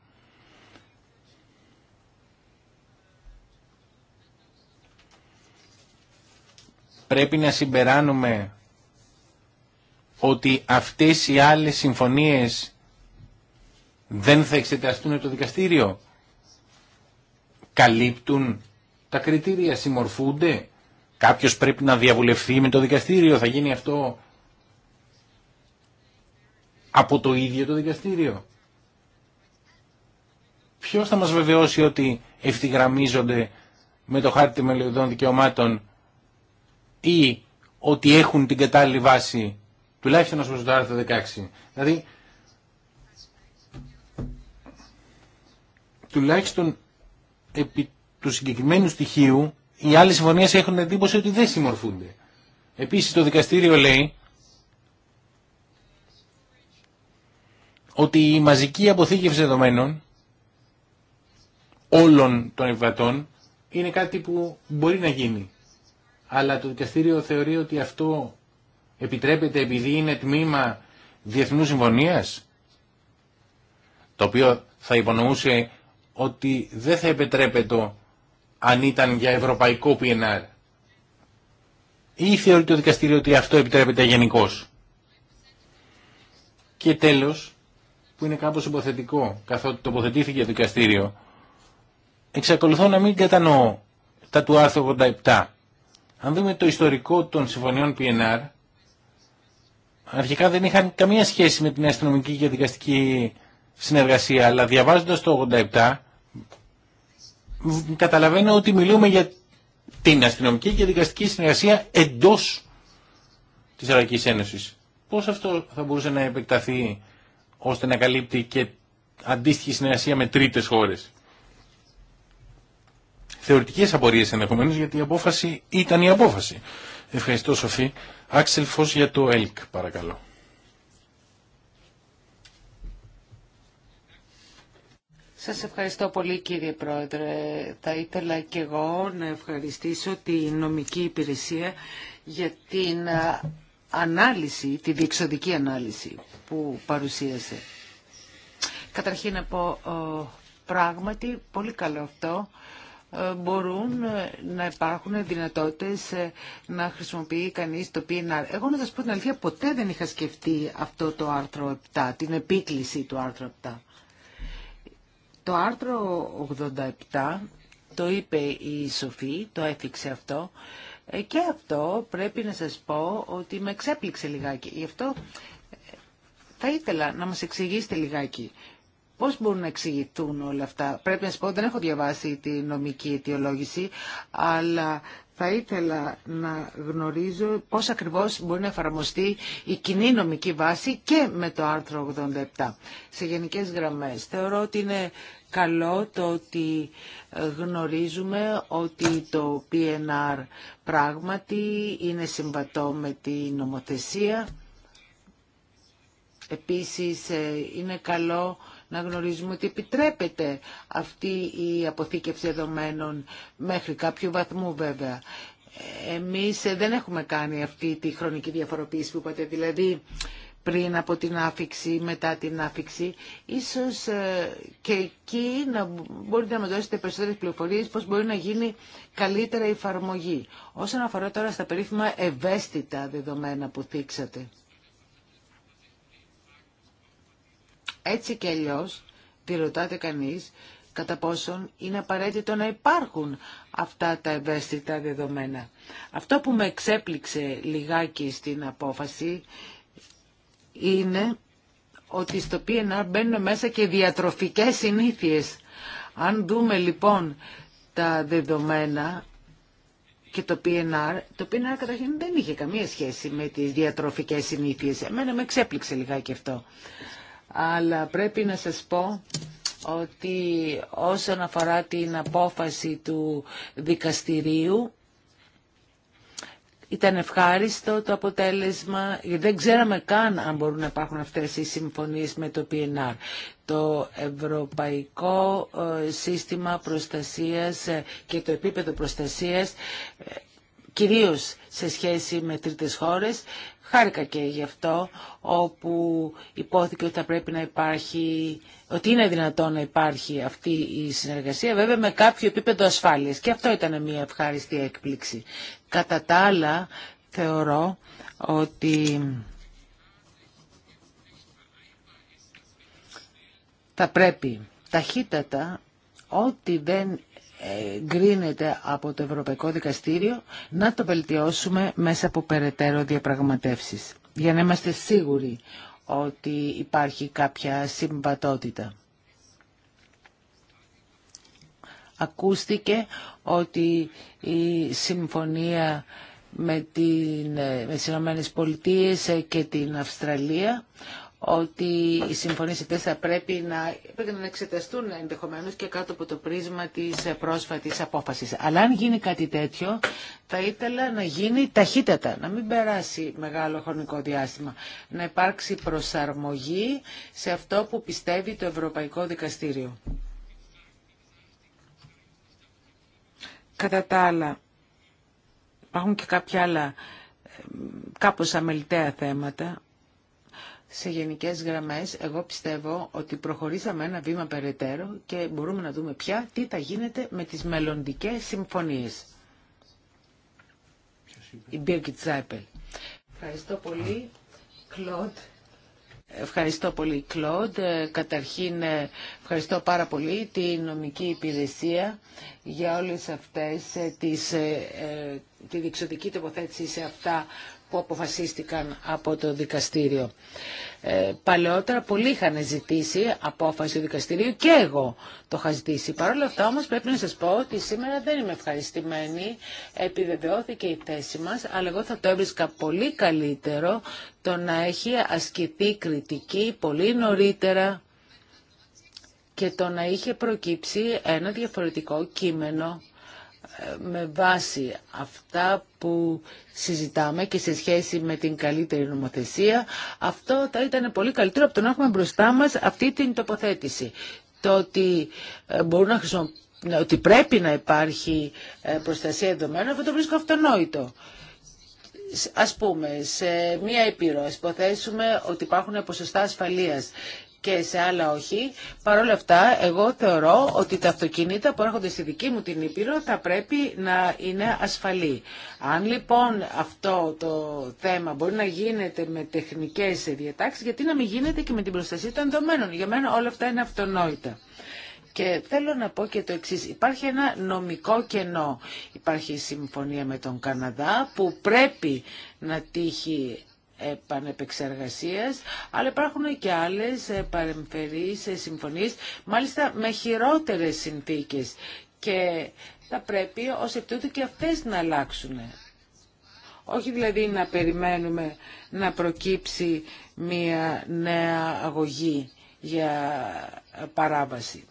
πρέπει να συμπεράνουμε ότι αυτές οι άλλες συμφωνίες δεν θα εξεταστούν το δικαστήριο. Καλύπτουν τα κριτήρια, συμμορφούνται. Κάποιος πρέπει να διαβουλευθεί με το δικαστήριο. Θα γίνει αυτό από το ίδιο το δικαστήριο. Ποιος θα μας βεβαιώσει ότι ευθυγραμμίζονται με το χάρτη μελιωδών δικαιωμάτων ή ότι έχουν την κατάλληλη βάση, τουλάχιστον ως προς το άρθρο 16. Δηλαδή, τουλάχιστον επί του συγκεκριμένου στοιχείου, οι άλλες συμφωνίες έχουν εντύπωση ότι δεν συμμορφούνται. Επίσης το δικαστήριο λέει ότι η μαζική αποθήκευση δεδομένων όλων των επιβατών είναι κάτι που μπορεί να γίνει αλλά το δικαστήριο θεωρεί ότι αυτό επιτρέπεται επειδή είναι τμήμα διεθνού συμφωνίας, το οποίο θα υπονοούσε ότι δεν θα επιτρέπεται αν ήταν για ευρωπαϊκό PNR. Ή θεωρεί το δικαστήριο ότι αυτό επιτρέπεται γενικώ. Και τέλος, που είναι κάπως υποθετικό, καθότι τοποθετήθηκε το δικαστήριο, εξακολουθώ να μην κατανοώ τα του άρθρου 87 αν δούμε το ιστορικό των συμφωνιών PNR, αρχικά δεν είχαν καμία σχέση με την αστυνομική και δικαστική συνεργασία, αλλά διαβάζοντας το 87, καταλαβαίνω ότι μιλούμε για την αστυνομική και δικαστική συνεργασία εντός της Ευρωπαϊκής Ένωσης. Πώς αυτό θα μπορούσε να επεκταθεί ώστε να καλύπτει και αντίστοιχη συνεργασία με τρίτες χώρες θεωρητικές απορίες ενδεχομένω γιατί η απόφαση ήταν η απόφαση. Ευχαριστώ Σοφή. Άξελ Φως για το ΕΛΚ παρακαλώ. Σας ευχαριστώ πολύ κύριε Πρόεδρε. Θα ήθελα και εγώ να ευχαριστήσω τη νομική υπηρεσία για την ανάλυση, τη διεξοδική ανάλυση που παρουσίασε. Καταρχήν να πω πράγματι πολύ καλό αυτό ε, μπορούν ε, να υπάρχουν δυνατότητες ε, να χρησιμοποιεί κανείς το PNR. Εγώ να σας πω την αλήθεια, ποτέ δεν είχα σκεφτεί αυτό το άρθρο 7, την επίκληση του άρθρου 7. Το άρθρο 87 το είπε η Σοφή, το έφυξε αυτό και αυτό πρέπει να σας πω ότι με εξέπληξε λιγάκι. Γι' αυτό θα ήθελα να μας εξηγήσετε λιγάκι Πώς μπορούν να εξηγηθούν όλα αυτά. Πρέπει να σας πω, δεν έχω διαβάσει τη νομική αιτιολόγηση, αλλά θα ήθελα να γνωρίζω πώς ακριβώς μπορεί να εφαρμοστεί η κοινή νομική βάση και με το άρθρο 87. Σε γενικές γραμμές θεωρώ ότι είναι καλό το ότι ε, γνωρίζουμε ότι το PNR πράγματι είναι συμβατό με τη νομοθεσία. Επίσης ε, είναι καλό να γνωρίζουμε ότι επιτρέπεται αυτή η αποθήκευση δεδομένων μέχρι κάποιο βαθμό βέβαια. Εμείς δεν έχουμε κάνει αυτή τη χρονική διαφοροποίηση που είπατε, δηλαδή πριν από την άφηξη, μετά την άφηξη. Ίσως ε, και εκεί να μπορείτε να με δώσετε περισσότερες πληροφορίες πώς μπορεί να γίνει καλύτερα η εφαρμογή. Όσον αφορά τώρα στα περίφημα ευαίσθητα δεδομένα που θίξατε. Έτσι και αλλιώ τη ρωτάτε κανείς κατά πόσον είναι απαραίτητο να υπάρχουν αυτά τα ευαίσθητα δεδομένα. Αυτό που με εξέπληξε λιγάκι στην απόφαση είναι ότι στο PNR μπαίνουν μέσα και διατροφικές συνήθειες. Αν δούμε λοιπόν τα δεδομένα και το PNR, το PNR καταρχήν δεν είχε καμία σχέση με τις διατροφικές συνήθειες. Εμένα με εξέπληξε λιγάκι αυτό αλλά πρέπει να σας πω ότι όσον αφορά την απόφαση του δικαστηρίου ήταν ευχάριστο το αποτέλεσμα, δεν ξέραμε καν αν μπορούν να υπάρχουν αυτές οι συμφωνίες με το PNR. Το Ευρωπαϊκό ε, Σύστημα Προστασίας ε, και το επίπεδο προστασίας ε, κυρίως σε σχέση με τρίτες χώρες Χάρηκα και γι' αυτό όπου υπόθηκε ότι θα πρέπει να υπάρχει, ότι είναι δυνατόν να υπάρχει αυτή η συνεργασία, βέβαια με κάποιο επίπεδο ασφάλειας. Και αυτό ήταν μια ευχάριστη έκπληξη. Κατά τα άλλα, θεωρώ ότι θα πρέπει ταχύτατα ό,τι δεν γκρίνεται από το Ευρωπαϊκό Δικαστήριο να το βελτιώσουμε μέσα από περαιτέρω διαπραγματεύσεις για να είμαστε σίγουροι ότι υπάρχει κάποια συμβατότητα. Ακούστηκε ότι η συμφωνία με, την, ε, με τις Ηνωμένες και την Αυστραλία ότι οι συμφωνίε θα πρέπει να, πρέπει να εξεταστούν ενδεχομένως και κάτω από το πρίσμα της πρόσφατης απόφασης. Αλλά αν γίνει κάτι τέτοιο, θα ήθελα να γίνει ταχύτατα, να μην περάσει μεγάλο χρονικό διάστημα. Να υπάρξει προσαρμογή σε αυτό που πιστεύει το Ευρωπαϊκό Δικαστήριο. Κατά τα άλλα, υπάρχουν και κάποια άλλα ε, κάπως αμεληταία θέματα σε γενικές γραμμές εγώ πιστεύω ότι προχωρήσαμε ένα βήμα περαιτέρω και μπορούμε να δούμε πια τι θα γίνεται με τις μελλοντικές συμφωνίες. Η Ευχαριστώ πολύ, Κλοντ. Ευχαριστώ πολύ, Κλοντ. Ε, καταρχήν, ε, ευχαριστώ πάρα πολύ τη νομική υπηρεσία για όλες αυτές ε, τις, τη διεξοδική τοποθέτηση σε αυτά που αποφασίστηκαν από το δικαστήριο. Ε, παλαιότερα πολλοί είχαν ζητήσει απόφαση του δικαστηρίου και εγώ το είχα ζητήσει. Παρ' όλα αυτά όμως πρέπει να σας πω ότι σήμερα δεν είμαι ευχαριστημένη. Επιβεβαιώθηκε η θέση μας, αλλά εγώ θα το έβρισκα πολύ καλύτερο το να έχει ασκηθεί κριτική πολύ νωρίτερα και το να είχε προκύψει ένα διαφορετικό κείμενο με βάση αυτά που συζητάμε και σε σχέση με την καλύτερη νομοθεσία, αυτό θα ήταν πολύ καλύτερο από το να έχουμε μπροστά μας αυτή την τοποθέτηση. Το ότι ε, μπορούν ε, ότι πρέπει να υπάρχει ε, προστασία δεδομένων, αυτό το βρίσκω αυτονόητο. Ας πούμε, σε μία ας υποθέσουμε ότι υπάρχουν ποσοστά ασφαλείας και σε άλλα όχι. Παρ' όλα αυτά, εγώ θεωρώ ότι τα αυτοκίνητα που έρχονται στη δική μου την Ήπειρο θα πρέπει να είναι ασφαλή. Αν λοιπόν αυτό το θέμα μπορεί να γίνεται με τεχνικές διατάξεις, γιατί να μην γίνεται και με την προστασία των δεδομένων. Για μένα όλα αυτά είναι αυτονόητα. Και θέλω να πω και το εξή: Υπάρχει ένα νομικό κενό. Υπάρχει η συμφωνία με τον Καναδά που πρέπει να τύχει επανεπεξεργασίας, αλλά υπάρχουν και άλλες ε, παρεμφερείς ε, συμφωνίες, μάλιστα με χειρότερες συνθήκες. Και θα πρέπει ως εκ και αυτές να αλλάξουν. Όχι δηλαδή να περιμένουμε να προκύψει μία νέα αγωγή για παράβαση.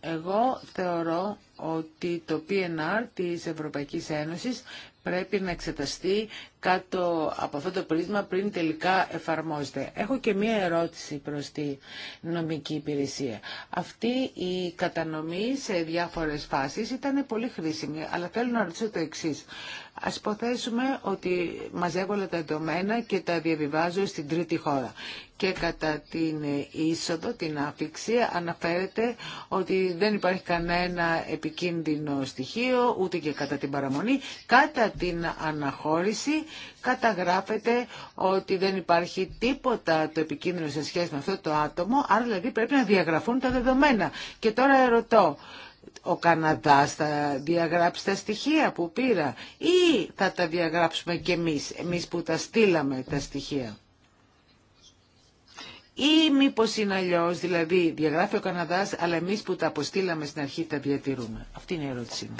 Εγώ θεωρώ ότι το PNR της Ευρωπαϊκής Ένωσης πρέπει να εξεταστεί κάτω από αυτό το πρίσμα πριν τελικά εφαρμόζεται. Έχω και μία ερώτηση προς τη νομική υπηρεσία. Αυτή η κατανομή σε διάφορες φάσεις ήταν πολύ χρήσιμη, αλλά θέλω να ρωτήσω το εξής. Ας υποθέσουμε ότι μαζεύω όλα τα εντομένα και τα διαβιβάζω στην τρίτη χώρα. Και κατά την είσοδο, την άφηξη, αναφέρεται ότι δεν υπάρχει κανένα επικίνδυνο στοιχείο, ούτε και κατά την παραμονή. Κατά την αναχώρηση καταγράφεται ότι δεν υπάρχει τίποτα το επικίνδυνο σε σχέση με αυτό το άτομο, άρα δηλαδή πρέπει να διαγραφούν τα δεδομένα. Και τώρα ερωτώ, ο Καναδάς θα διαγράψει τα στοιχεία που πήρα ή θα τα διαγράψουμε και εμείς, εμείς που τα στείλαμε τα στοιχεία. Ή μήπω είναι αλλιώ, δηλαδή διαγράφει ο Καναδά, αλλά εμεί που τα αποστήλαμε στην αρχή τα διατηρούμε. Αυτή είναι η ερώτησή μου.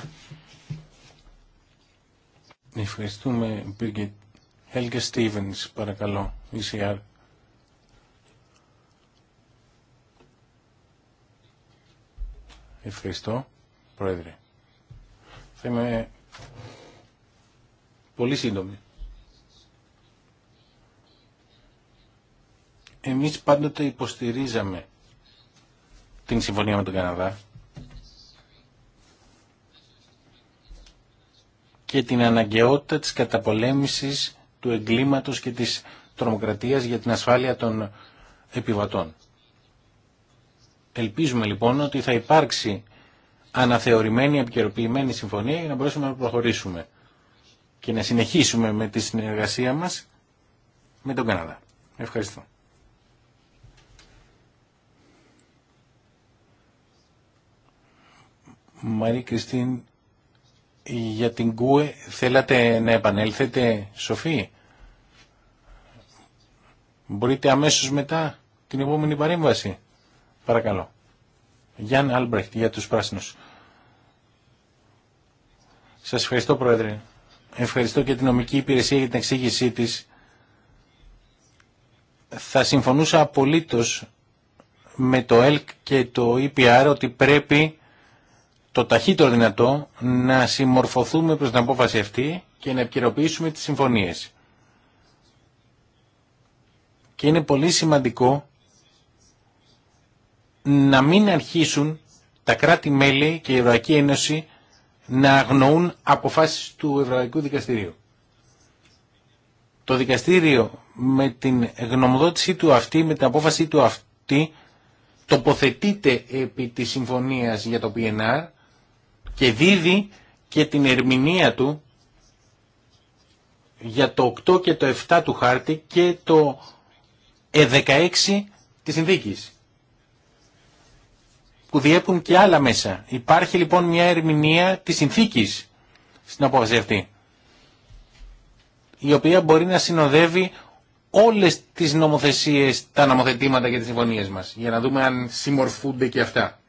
Ευχαριστούμε, Birgit. Helge Stevens, παρακαλώ, ECR. Ευχαριστώ, Πρόεδρε. Θα είμαι πολύ σύντομη. Εμείς πάντοτε υποστηρίζαμε την συμφωνία με τον Καναδά και την αναγκαιότητα της καταπολέμησης του εγκλήματος και της τρομοκρατίας για την ασφάλεια των επιβατών. Ελπίζουμε λοιπόν ότι θα υπάρξει αναθεωρημένη, επικαιροποιημένη συμφωνία για να μπορέσουμε να προχωρήσουμε και να συνεχίσουμε με τη συνεργασία μας με τον Καναδά. Ευχαριστώ. Μαρή Κριστίν για την ΚΟΕ θέλατε να επανέλθετε, Σοφή. Μπορείτε αμέσως μετά την επόμενη παρέμβαση. Παρακαλώ. Γιάν Αλμπρεχτ για τους πράσινους. Σας ευχαριστώ Πρόεδρε. Ευχαριστώ και την νομική υπηρεσία για την εξήγησή της. Θα συμφωνούσα απολύτως με το ΕΛΚ και το EPR ότι πρέπει το ταχύτερο δυνατό να συμμορφωθούμε προς την απόφαση αυτή και να επικαιροποιήσουμε τις συμφωνίες. Και είναι πολύ σημαντικό να μην αρχίσουν τα κράτη-μέλη και η Ευρωπαϊκή Ένωση να αγνοούν αποφάσεις του Ευρωπαϊκού Δικαστηρίου. Το δικαστήριο με την γνωμοδότησή του αυτή, με την απόφαση του αυτή, τοποθετείται επί της συμφωνίας για το PNR και δίδει και την ερμηνεία του για το 8 και το 7 του χάρτη και το 16 της συνθήκης που διέπουν και άλλα μέσα. Υπάρχει λοιπόν μια ερμηνεία της συνθήκης στην απόφαση αυτή η οποία μπορεί να συνοδεύει όλες τις νομοθεσίες, τα νομοθετήματα και τις συμφωνίες μας για να δούμε αν συμμορφούνται και αυτά.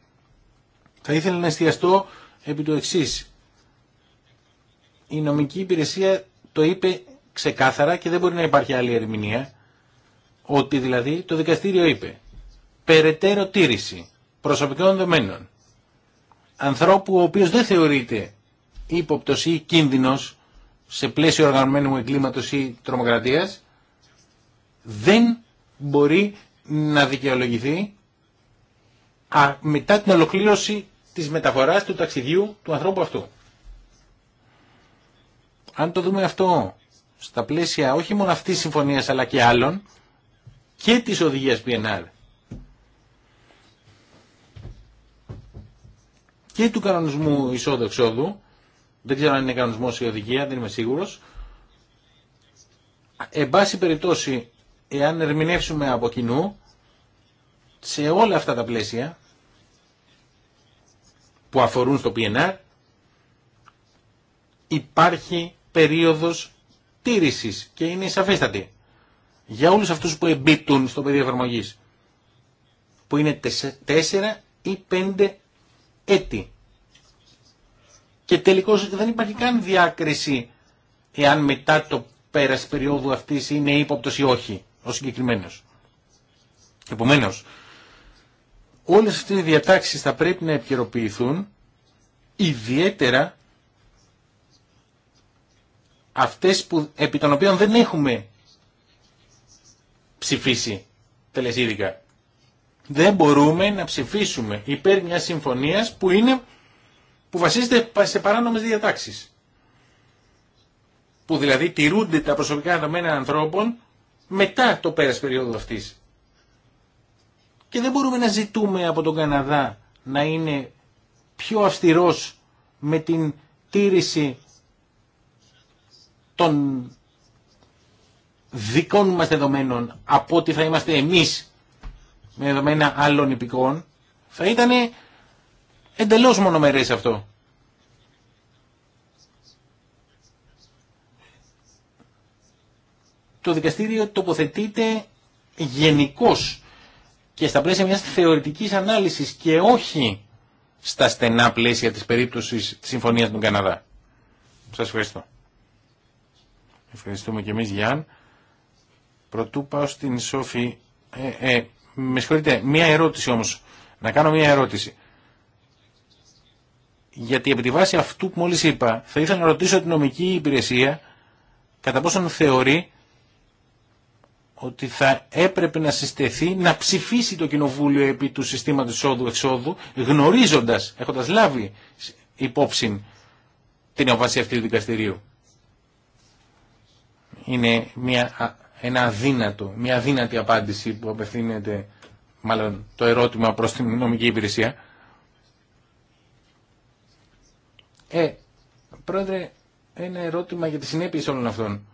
Θα ήθελα να εστιαστώ επί του εξής. Η νομική υπηρεσία το είπε ξεκάθαρα και δεν μπορεί να υπάρχει άλλη ερμηνεία ότι δηλαδή το δικαστήριο είπε περαιτέρω τήρηση προσωπικών δεδομένων ανθρώπου ο οποίος δεν θεωρείται ύποπτο ή κίνδυνος σε πλαίσιο οργανωμένου εγκλήματος ή τρομοκρατίας δεν μπορεί να δικαιολογηθεί μετά την ολοκλήρωση Τη μεταφορά του ταξιδιού του ανθρώπου αυτού. Αν το δούμε αυτό στα πλαίσια όχι μόνο αυτή τη συμφωνία, αλλά και άλλων και της οδηγία PNR και του κανονισμού εισόδου-εξόδου δεν ξέρω αν είναι κανονισμός ή οδηγία, δεν είμαι σίγουρος εν πάση περιπτώσει εάν ερμηνεύσουμε από κοινού σε όλα αυτά τα πλαίσια που αφορούν στο PNR υπάρχει περίοδος τήρησης και είναι σαφέστατη για όλους αυτούς που εμπίπτουν στο πεδίο εφαρμογή, που είναι 4 ή 5 έτη. Και τελικώς δεν υπάρχει καν διάκριση εάν μετά το πέρας περίοδου αυτής είναι ύποπτος ή όχι ο συγκεκριμένος. Επομένως, όλες αυτές οι διατάξεις θα πρέπει να επικαιροποιηθούν ιδιαίτερα αυτές που, επί των οποίων δεν έχουμε ψηφίσει τελεσίδικα. Δεν μπορούμε να ψηφίσουμε υπέρ μια συμφωνίας που, είναι, που βασίζεται σε παράνομε διατάξεις. Που δηλαδή τηρούνται τα προσωπικά δεδομένα ανθρώπων μετά το πέρας περιόδου αυτής. Και δεν μπορούμε να ζητούμε από τον Καναδά να είναι πιο αυστηρός με την τήρηση των δικών μας δεδομένων από ότι θα είμαστε εμείς με δεδομένα άλλων υπηκών θα ήταν εντελώς μονομερές αυτό. Το δικαστήριο τοποθετείται γενικώς και στα πλαίσια μιας θεωρητικής ανάλυσης και όχι στα στενά πλαίσια της περίπτωσης της συμφωνίας του Καναδά. Σας ευχαριστώ. Ευχαριστούμε και εμείς Γιάν. Πρωτού πάω στην Σόφη. Ε, ε, με συγχωρείτε, μία ερώτηση όμως. Να κάνω μία ερώτηση. Γιατί επί τη βάση αυτού που μόλις είπα, θα ήθελα να ρωτήσω την νομική υπηρεσία κατά πόσον θεωρεί ότι θα έπρεπε να συστεθεί να ψηφίσει το Κοινοβούλιο επί του συστήματος εισόδου-εξόδου γνωρίζοντας, έχοντας λάβει υπόψη την αποφασία αυτή του δικαστηρίου. Είναι μια, ένα αδύνατο, μια αδύνατη απάντηση που απευθύνεται μάλλον το ερώτημα προς την νομική υπηρεσία. Ε, πρόεδρε, ένα ερώτημα για τις συνέπειες όλων αυτών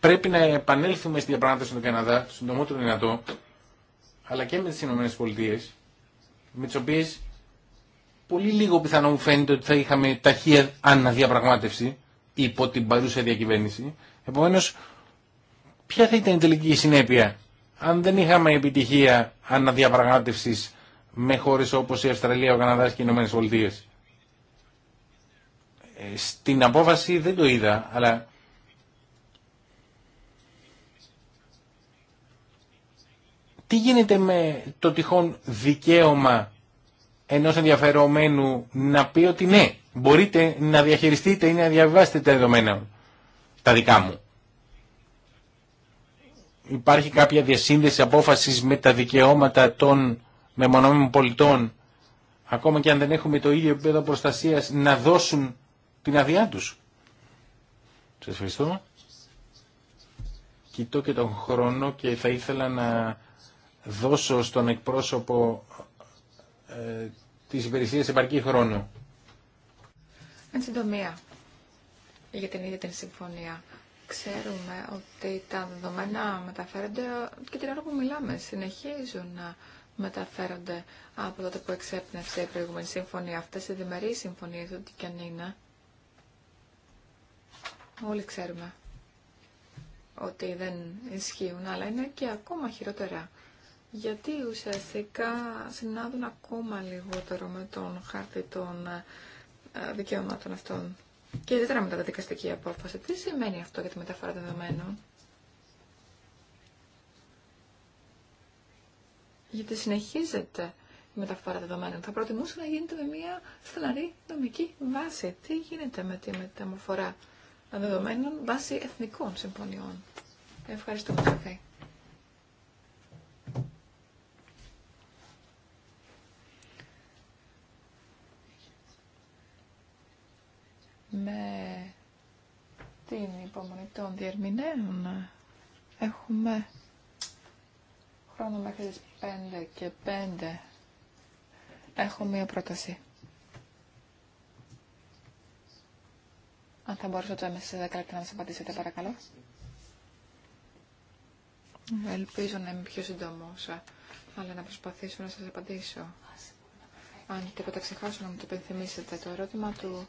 πρέπει να επανέλθουμε στη διαπραγμάτευση του Καναδά, στον του δυνατό, αλλά και με τις Ηνωμένες Πολιτείες, με τις οποίες πολύ λίγο πιθανό μου φαίνεται ότι θα είχαμε ταχεία αναδιαπραγμάτευση υπό την παρούσα διακυβέρνηση. Επομένως, ποια θα ήταν η τελική συνέπεια αν δεν είχαμε επιτυχία αναδιαπραγμάτευσης με χώρες όπως η Αυστραλία, ο Καναδάς και οι Ηνωμένες Πολιτείες. Ε, στην απόφαση δεν το είδα, αλλά Τι γίνεται με το τυχόν δικαίωμα ενός ενδιαφερομένου να πει ότι ναι, μπορείτε να διαχειριστείτε ή να διαβιβάσετε τα δεδομένα τα δικά μου. Υπάρχει κάποια διασύνδεση απόφασης με τα δικαιώματα των μεμονωμένων πολιτών ακόμα και αν δεν έχουμε το ίδιο επίπεδο προστασίας να δώσουν την αδειά τους. Σας ευχαριστώ. Κοιτώ και τον χρόνο και θα ήθελα να δώσω στον εκπρόσωπο ε, της υπηρεσίας επαρκή χρόνο. Εν συντομία, για την ίδια την συμφωνία. Ξέρουμε ότι τα δεδομένα μεταφέρονται και την ώρα που μιλάμε συνεχίζουν να μεταφέρονται από τότε που εξέπνευσε η προηγούμενη συμφωνία. Αυτές οι διμερείς συμφωνίες, ό,τι και αν είναι, όλοι ξέρουμε ότι δεν ισχύουν, αλλά είναι και ακόμα χειρότερα γιατί ουσιαστικά συνάδουν ακόμα λιγότερο με τον χάρτη των ε, δικαιωμάτων αυτών. Και ιδιαίτερα μετά τα δικαστική απόφαση. Τι σημαίνει αυτό για τη μεταφορά δεδομένων. Γιατί συνεχίζεται η μεταφορά δεδομένων. Θα προτιμούσα να γίνεται με μια στεναρή νομική βάση. Τι γίνεται με τη μεταμοφορά δεδομένων βάσει εθνικών συμφωνιών. Ευχαριστώ, πολύ. με την υπομονή των διερμηνέων. Έχουμε χρόνο μέχρι τις 5 και 5. Έχω μία πρόταση. Αν θα μπορούσατε μέσα σε 10 λεπτά να μας απαντήσετε, παρακαλώ. Ελπίζω να είμαι πιο σύντομο, αλλά να προσπαθήσω να σας απαντήσω. Αν τίποτα ξεχάσω να μου το πενθυμίσετε, το ερώτημα του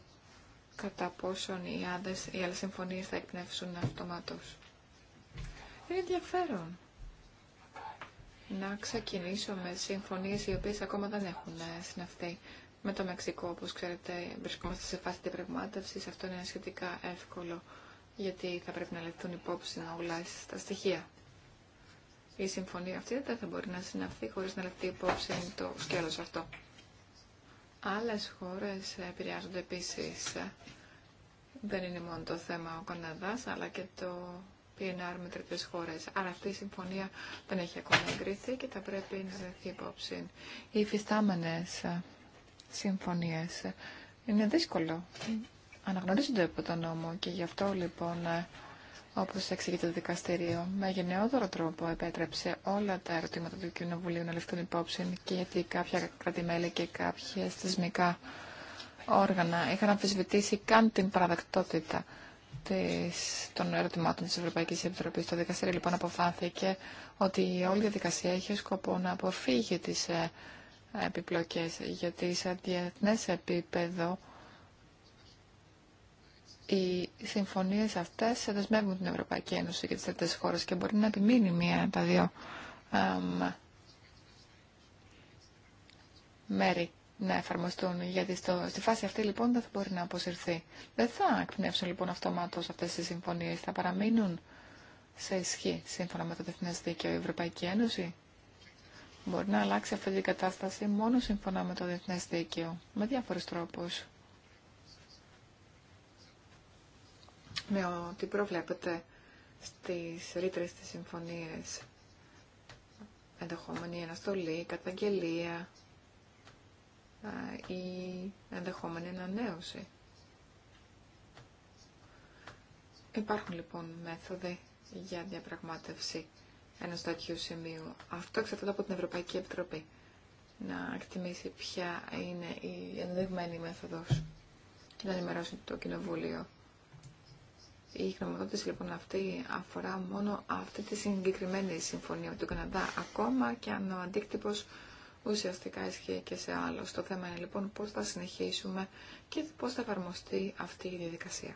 κατά πόσον οι, άντες, οι άλλες συμφωνίες θα εκπνεύσουν αυτομάτως. Είναι ενδιαφέρον να ξεκινήσω με συμφωνίες οι οποίες ακόμα δεν έχουν συναυτεί. Με το Μεξικό, όπως ξέρετε, βρισκόμαστε σε φάση διαπραγμάτευσης. Αυτό είναι σχετικά εύκολο, γιατί θα πρέπει να λεφτούν υπόψη να ουλάσει τα στοιχεία. Η συμφωνία αυτή δεν θα μπορεί να συναυθεί χωρίς να λεφτεί υπόψη το σκέλος αυτό. Άλλες χώρες επηρεάζονται επίσης. Δεν είναι μόνο το θέμα ο Καναδάς, αλλά και το PNR με τρίτες χώρες. Άρα αυτή η συμφωνία δεν έχει ακόμα εγκριθεί και θα πρέπει να δεχθεί υπόψη. Οι υφιστάμενες συμφωνίες είναι δύσκολο. Αναγνωρίζονται από τον νόμο και γι' αυτό λοιπόν όπως εξηγείται το δικαστήριο, με γενναιότερο τρόπο επέτρεψε όλα τα ερωτήματα του Κοινοβουλίου να ληφθούν υπόψη και γιατί κάποια κρατημέλη και κάποια θεσμικά όργανα είχαν αμφισβητήσει καν την παραδεκτότητα της, των ερωτημάτων της Ευρωπαϊκής Επιτροπής. Το δικαστήριο λοιπόν αποφάνθηκε ότι η όλη διαδικασία είχε σκοπό να αποφύγει τις ε, επιπλοκές, γιατί σε διεθνές επίπεδο οι συμφωνίε αυτέ δεσμεύουν την Ευρωπαϊκή Ένωση και τι τρίτε χώρε και μπορεί να επιμείνει μία από τα δύο μέρη να εφαρμοστούν. Γιατί στη φάση αυτή λοιπόν δεν θα μπορεί να αποσυρθεί. Δεν θα εκπνεύσουν λοιπόν αυτομάτω αυτέ οι συμφωνίε. Θα παραμείνουν σε ισχύ σύμφωνα με το Διεθνέ Δίκαιο. Η Ευρωπαϊκή Ένωση μπορεί να αλλάξει αυτή την κατάσταση μόνο σύμφωνα με το Διεθνέ Δίκαιο με διάφορου τρόπου. με ό,τι προβλέπετε στις ρήτρες της συμφωνίες. Ενδεχόμενη αναστολή, καταγγελία ή ενδεχόμενη ανανέωση. Υπάρχουν λοιπόν μέθοδοι για διαπραγμάτευση ενός τέτοιου σημείου. Αυτό εξαρτάται από την Ευρωπαϊκή Επιτροπή να εκτιμήσει ποια είναι η ενδεδειγμένη μέθοδος και να ενημερώσει το Κοινοβούλιο. Η χρηματοδότηση λοιπόν αυτή αφορά μόνο αυτή τη συγκεκριμένη συμφωνία με τον Καναδά, ακόμα και αν ο αντίκτυπο ουσιαστικά ισχύει και σε άλλο. Το θέμα είναι λοιπόν πώς θα συνεχίσουμε και πώς θα εφαρμοστεί αυτή η διαδικασία.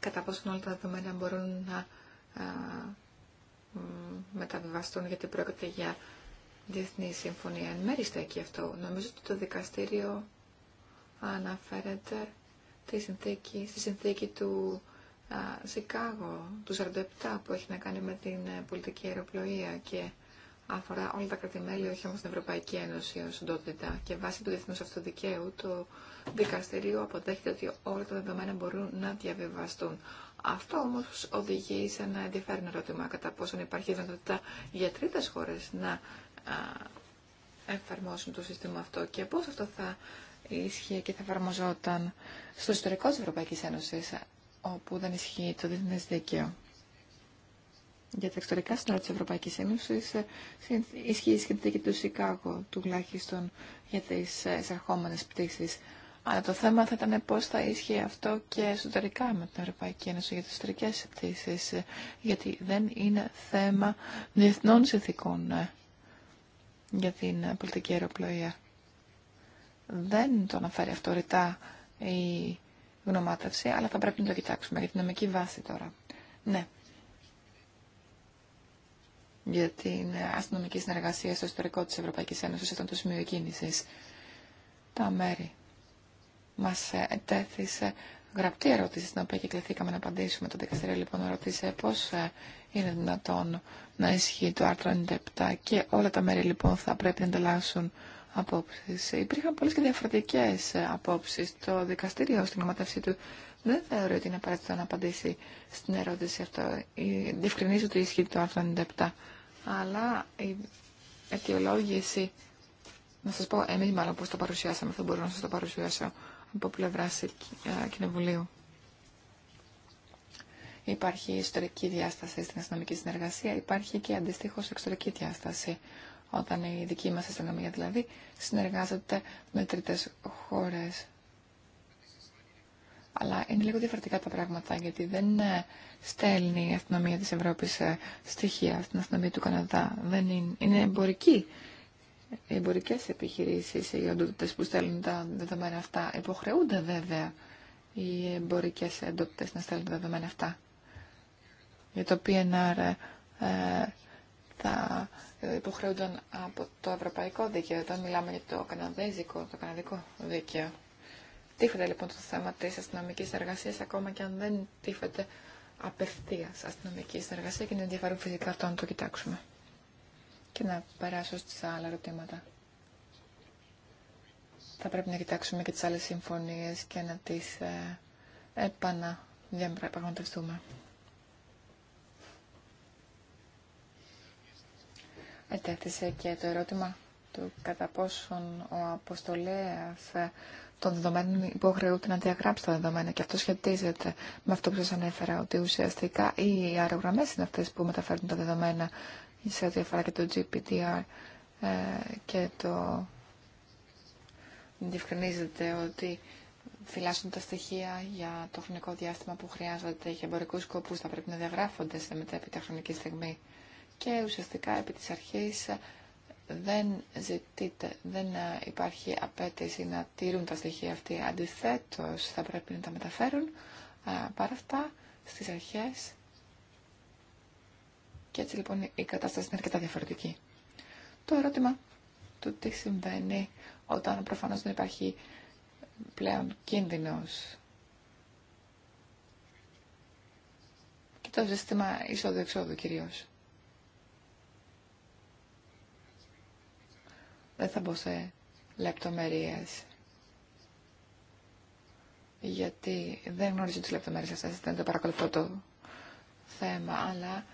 Κατά πόσο όλα τα δεδομένα μπορούν να α, μεταβιβαστούν γιατί πρόκειται για διεθνή συμφωνία. Εν μέρη στέκει αυτό. Νομίζω ότι το δικαστήριο αναφέρεται τη συνθήκη, στη συνθήκη του Σικάγο του 47 που έχει να κάνει με την ε, πολιτική αεροπλοεία και αφορά όλα τα κρατημέλη, όχι όμως την Ευρωπαϊκή Ένωση ως οντότητα. Και βάσει του διεθνούς αυτοδικαίου το δικαστηρίο αποδέχεται ότι όλα τα δεδομένα μπορούν να διαβιβαστούν. Αυτό όμως οδηγεί σε ένα ενδιαφέρον ερώτημα κατά πόσον υπάρχει δυνατότητα για τρίτες χώρες να εφαρμόσουν το σύστημα αυτό και πώς αυτό θα ίσχυε και θα εφαρμοζόταν στο ιστορικό της Ευρωπαϊκής Ένωσης, όπου δεν ισχύει το διεθνές δίκαιο. Για τα εξωτερικά σύνορα της Ευρωπαϊκής Ένωσης ε, ισχύει η σχετική του Σικάγο, τουλάχιστον για τις ε, εισερχόμενες πτήσεις. Αλλά το θέμα θα ήταν πώς θα ίσχυε αυτό και εσωτερικά με την Ευρωπαϊκή Ένωση για τις εσωτερικές πτήσεις, ε, γιατί δεν είναι θέμα διεθνών συνθήκων για την πολιτική αεροπλοεία δεν το αναφέρει αυτό ρητά η γνωμάτευση, αλλά θα πρέπει να το κοιτάξουμε για την νομική βάση τώρα. Ναι. Για την αστυνομική συνεργασία στο ιστορικό της Ευρωπαϊκής Ένωσης ήταν το σημείο κίνηση Τα μέρη. Μας ετέθησε γραπτή ερώτηση στην οποία κυκλεθήκαμε να απαντήσουμε. Το δικαστήριο λοιπόν ρώτησε πώς ε, είναι δυνατόν να ισχύει το άρθρο 97 και όλα τα μέρη λοιπόν θα πρέπει να ανταλλάσσουν απόψεις. Υπήρχαν πολλές και διαφορετικές απόψεις. Το δικαστήριο στην κομματεύση του δεν θεωρεί ότι είναι απαραίτητο να απαντήσει στην ερώτηση αυτό. Διευκρινίζει ότι ισχύει το άρθρο 97. Αλλά η αιτιολόγηση, να σας πω εμείς μάλλον πώς το παρουσιάσαμε, θα μπορώ να σας το παρουσιάσω από πλευρά ε, Κοινοβουλίου. Υπάρχει ιστορική διάσταση στην αστυνομική συνεργασία, υπάρχει και αντιστοίχως εξωτερική διάσταση όταν η δική μας αστυνομία δηλαδή συνεργάζεται με τρίτες χώρες. Αλλά είναι λίγο διαφορετικά τα πράγματα, γιατί δεν ε, στέλνει η αστυνομία της Ευρώπης ε, στοιχεία στην αστυνομία του Καναδά. Δεν είναι, είναι εμπορική. Οι εμπορικές επιχειρήσεις, οι οντότητες που στέλνουν τα δεδομένα αυτά, υποχρεούνται βέβαια οι εμπορικές εντότητες να στέλνουν τα δεδομένα αυτά. Για το PNR ε, ε θα ε, υποχρεούνταν από το ευρωπαϊκό δίκαιο. Εδώ μιλάμε για το καναδέζικο, το καναδικό δίκαιο. Τίφεται λοιπόν το θέμα της αστυνομική εργασίας, ακόμα και αν δεν τίφεται απευθείας αστυνομική εργασία και είναι ενδιαφέρον φυσικά αυτό να το κοιτάξουμε. Και να περάσω στι άλλα ερωτήματα. Θα πρέπει να κοιτάξουμε και τις άλλες συμφωνίες και να τις ε, επαναδιαπραγματευτούμε. ετέθησε και το ερώτημα του κατά πόσον ο αποστολέας ε, των δεδομένων υποχρεούται να διαγράψει τα δεδομένα και αυτό σχετίζεται με αυτό που σας ανέφερα ότι ουσιαστικά οι αερογραμμές είναι αυτές που μεταφέρουν τα δεδομένα σε ό,τι αφορά και το GPTR ε, και το διευκρινίζεται ότι φυλάσσουν τα στοιχεία για το χρονικό διάστημα που χρειάζεται για εμπορικούς σκοπούς θα πρέπει να διαγράφονται σε μετέπειτα χρονική στιγμή και ουσιαστικά επί της αρχής δεν ζητείται, δεν υπάρχει απέτηση να τηρούν τα στοιχεία αυτή. Αντιθέτως θα πρέπει να τα μεταφέρουν παρά αυτά στις αρχές και έτσι λοιπόν η κατάσταση είναι αρκετά διαφορετική. Το ερώτημα του τι συμβαίνει όταν προφανώς δεν υπάρχει πλέον κίνδυνος και το ζητημα εισοδου εισόδου-εξόδου κυρίως. Δεν θα μπω σε λεπτομέρειες. Γιατί δεν γνωρίζω τις λεπτομέρειες αυτές, δεν το παρακολουθώ το θέμα, αλλά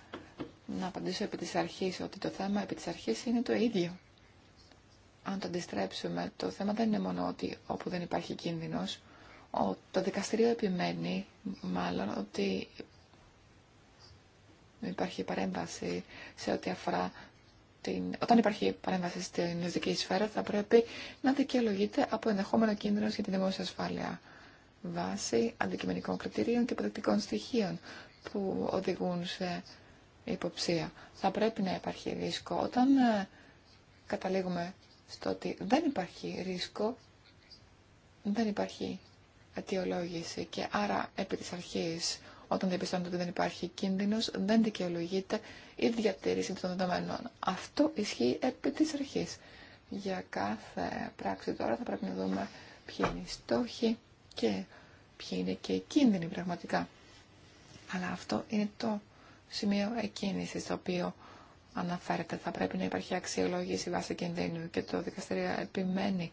να απαντήσω επί της αρχής ότι το θέμα επί της αρχής είναι το ίδιο. Αν το αντιστρέψουμε, το θέμα δεν είναι μόνο ότι όπου δεν υπάρχει κίνδυνος, το δικαστήριο επιμένει μάλλον ότι υπάρχει παρέμβαση σε ό,τι αφορά όταν υπάρχει παρέμβαση στην ειδική σφαίρα θα πρέπει να δικαιολογείται από ενδεχόμενο κίνδυνο για τη δημόσια ασφάλεια βάσει αντικειμενικών κριτηρίων και πρακτικών στοιχείων που οδηγούν σε υποψία. Θα πρέπει να υπάρχει ρίσκο. Όταν ε, καταλήγουμε στο ότι δεν υπάρχει ρίσκο, δεν υπάρχει αιτιολόγηση και άρα επί της αρχής όταν διαπιστώνεται ότι δεν υπάρχει κίνδυνος, δεν δικαιολογείται η διατήρηση των δεδομένων. Αυτό ισχύει επί τη αρχη Για κάθε πράξη τώρα θα πρέπει να δούμε ποιοι είναι οι στόχοι και ποιοι είναι και οι κίνδυνοι πραγματικά. Αλλά αυτό είναι το σημείο εκκίνηση το οποίο αναφέρεται. Θα πρέπει να υπάρχει αξιολόγηση βάση κινδύνου και το δικαστήριο επιμένει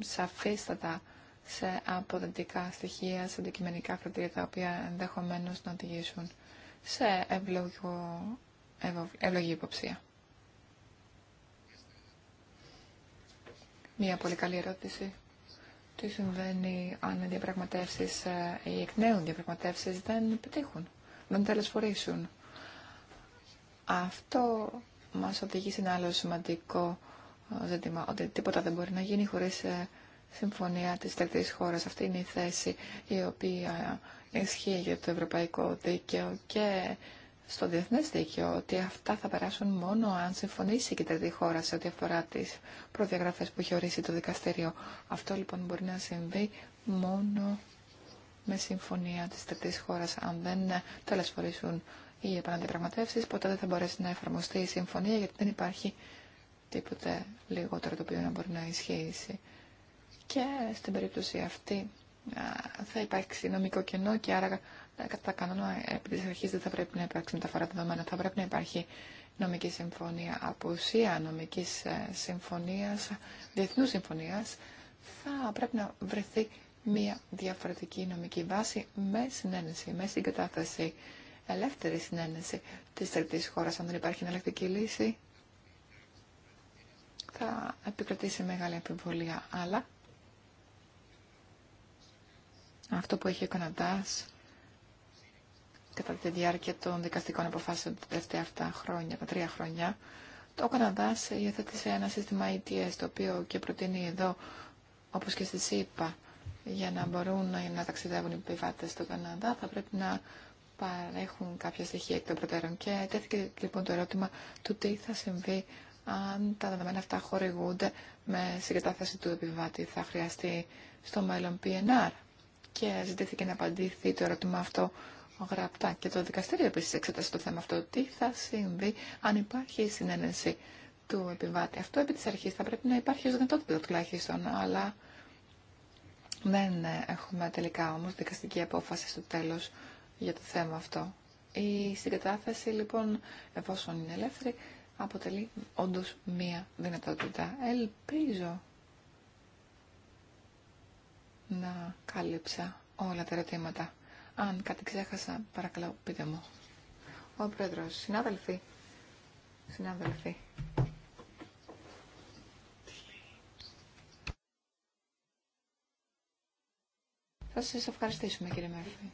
σαφίστατα σε αποδεντικά στοιχεία, σε αντικειμενικά κριτήρια τα οποία ενδεχομένως να οδηγήσουν σε ευλογή υποψία. Μία πολύ καλή ερώτηση. Τι συμβαίνει αν οι διαπραγματεύσεις, ε, οι εκ νέων διαπραγματεύσεις δεν πετύχουν, δεν τελεσφορήσουν. Αυτό μας οδηγεί σε ένα άλλο σημαντικό ε, ζήτημα, ότι τίποτα δεν μπορεί να γίνει χωρίς ε, συμφωνία της τρίτης χώρας. Αυτή είναι η θέση η οποία ισχύει για το ευρωπαϊκό δίκαιο και στο διεθνές δίκαιο ότι αυτά θα περάσουν μόνο αν συμφωνήσει και η τρίτη χώρα σε ό,τι αφορά τις προδιαγραφές που έχει ορίσει το δικαστήριο. Αυτό λοιπόν μπορεί να συμβεί μόνο με συμφωνία της τρίτης χώρας. Αν δεν τελεσφορήσουν οι επαναδιαπραγματεύσεις, ποτέ δεν θα μπορέσει να εφαρμοστεί η συμφωνία γιατί δεν υπάρχει τίποτε λιγότερο το οποίο να μπορεί να ισχύσει. Και στην περίπτωση αυτή θα υπάρξει νομικό κενό και άρα ε, κατά κανόνα επί της αρχής δεν θα πρέπει να υπάρξει μεταφορά δεδομένα. Θα πρέπει να υπάρχει νομική συμφωνία, από ουσία νομικής ε, συμφωνίας, διεθνούς συμφωνίας. Θα πρέπει να βρεθεί μια διαφορετική νομική βάση με συνένεση, με συγκατάθεση, ελεύθερη συνένεση της τρίτης χώρας. Αν δεν υπάρχει εναλλακτική λύση, θα επικρατήσει μεγάλη επιβολία. Αλλά αυτό που έχει ο Καναδάς κατά τη διάρκεια των δικαστικών αποφάσεων τα τελευταία αυτά χρόνια, τα τρία χρόνια, το Καναδάς υιοθέτησε ένα σύστημα ETS, το οποίο και προτείνει εδώ, όπως και στη ΣΥΠΑ, για να μπορούν να ταξιδεύουν οι επιβάτες στον Καναδά, θα πρέπει να παρέχουν κάποια στοιχεία εκ των προτέρων. Και τέθηκε λοιπόν το ερώτημα του τι θα συμβεί αν τα δεδομένα αυτά χορηγούνται με συγκατάθεση του επιβάτη. Θα χρειαστεί στο μέλλον PNR και ζητήθηκε να απαντηθεί το ερώτημα αυτό γραπτά. Και το δικαστήριο επίσης εξετάσει το θέμα αυτό. Τι θα συμβεί αν υπάρχει συνένεση του επιβάτη. Αυτό επί της αρχής θα πρέπει να υπάρχει ως δυνατότητα τουλάχιστον, αλλά δεν έχουμε τελικά όμως δικαστική απόφαση στο τέλος για το θέμα αυτό. Η συγκατάθεση λοιπόν, εφόσον είναι ελεύθερη, αποτελεί όντως μία δυνατότητα. Ελπίζω να κάλυψα όλα τα ερωτήματα. Αν κάτι ξέχασα, παρακαλώ πείτε μου. Ο Πρόεδρος, συνάδελφοι, συνάδελφοι. Θα σας ευχαριστήσουμε κύριε Μέρφη.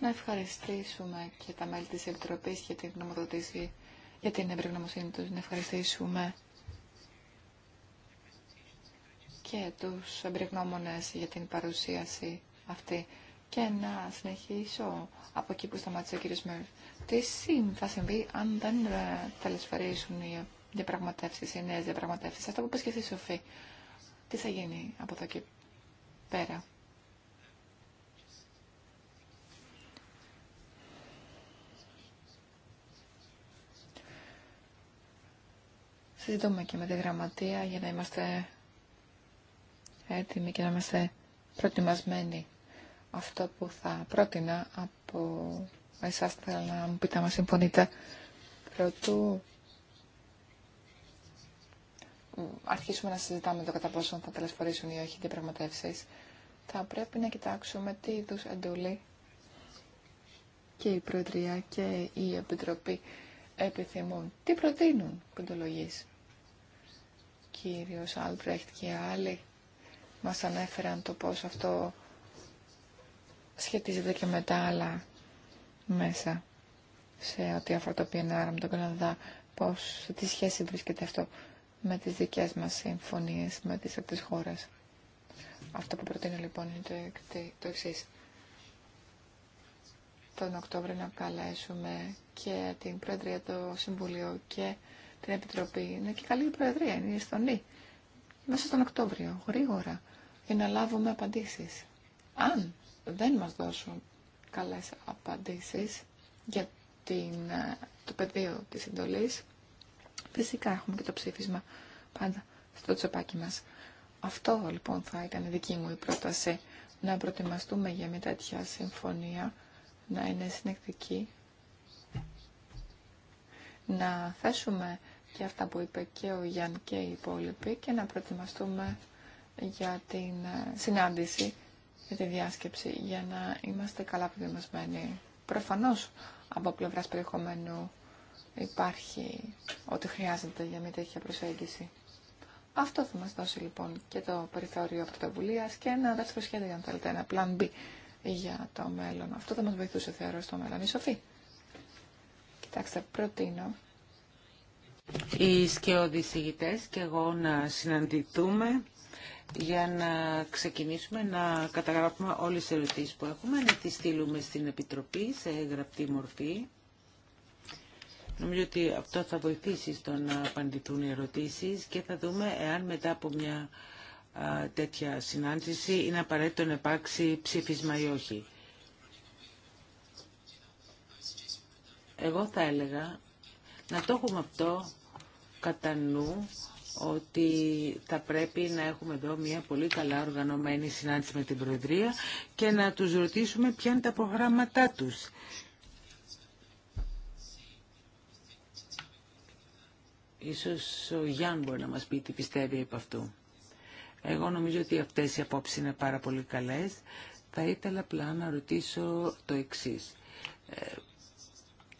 Να ευχαριστήσουμε και τα μέλη της Επιτροπής για την γνωμοδοτήση, για την εμπρογνωμοσύνη τους. Να ευχαριστήσουμε και τους εμπρυγνώμονες για την παρουσίαση αυτή. Και να συνεχίσω από εκεί που σταμάτησε ο κύριος Μέρφ. Τι θα συμβεί αν δεν ε, τελεσφαιρίσουν οι διαπραγματεύσεις, οι νέες διαπραγματεύσεις. Αυτό που πες και εσύ Σοφή. Τι θα γίνει από εδώ και πέρα. Συζητούμε και με τη γραμματεία για να είμαστε έτοιμοι και να είμαστε προετοιμασμένοι. Αυτό που θα πρότεινα από εσάς θέλω να μου πείτε άμα συμφωνείτε. Πρωτού αρχίσουμε να συζητάμε το κατά πόσο θα τελεσφορήσουν ή όχι διαπραγματεύσει, θα πρέπει να κοιτάξουμε τι είδου εντολή και η Προεδρία και η Επιτροπή επιθυμούν. Τι προτείνουν πεντολογής. Κύριο Άλμπρεχτ και άλλοι μας ανέφεραν το πώς αυτό σχετίζεται και με τα άλλα μέσα σε ό,τι αφορά το PNR με τον Καναδά, πώς, σε τι σχέση βρίσκεται αυτό με τις δικές μας συμφωνίες με τις αυτές χώρες. Αυτό που προτείνω λοιπόν είναι το, το εξή. Τον Οκτώβριο να καλέσουμε και την Προεδρία, το Συμβουλίο και την Επιτροπή. Είναι και καλή η Προεδρία, είναι η Ιστονή. Μέσα στον Οκτώβριο, γρήγορα για να λάβουμε απαντήσεις. Αν δεν μας δώσουν καλές απαντήσεις για την, ε, το πεδίο της εντολής, φυσικά έχουμε και το ψήφισμα πάντα στο τσεπάκι μας. Αυτό λοιπόν θα ήταν δική μου η πρόταση, να προετοιμαστούμε για μια τέτοια συμφωνία, να είναι συνεκτική, να θέσουμε και αυτά που είπε και ο Γιάνν και οι υπόλοιποι και να προετοιμαστούμε για την ε, συνάντηση, για τη διάσκεψη, για να είμαστε καλά προετοιμασμένοι. Προφανώς από πλευρά περιεχομένου υπάρχει ό,τι χρειάζεται για μια τέτοια προσέγγιση. Αυτό θα μας δώσει λοιπόν και το περιθώριο πρωτοβουλία και ένα δεύτερο σχέδιο, αν θέλετε, ένα plan B για το μέλλον. Αυτό θα μας βοηθούσε, θεωρώ, στο μέλλον. Η Σοφή. Κοιτάξτε, προτείνω. Οι σκιώδεις και εγώ να συναντηθούμε για να ξεκινήσουμε να καταγράφουμε όλες τις ερωτήσεις που έχουμε, να τις στείλουμε στην Επιτροπή σε γραπτή μορφή. Νομίζω ότι αυτό θα βοηθήσει στο να απαντηθούν οι ερωτήσεις και θα δούμε εάν μετά από μια τέτοια συνάντηση είναι απαραίτητο να υπάρξει ψήφισμα ή όχι. Εγώ θα έλεγα να το έχουμε αυτό κατά νου ότι θα πρέπει να έχουμε εδώ μια πολύ καλά οργανωμένη συνάντηση με την Προεδρία και να τους ρωτήσουμε ποια είναι τα προγράμματά τους. Ίσως ο Γιάνν μπορεί να μας πει τι πιστεύει από αυτού. Εγώ νομίζω ότι αυτές οι απόψεις είναι πάρα πολύ καλές. Θα ήθελα απλά να ρωτήσω το εξής. Ε,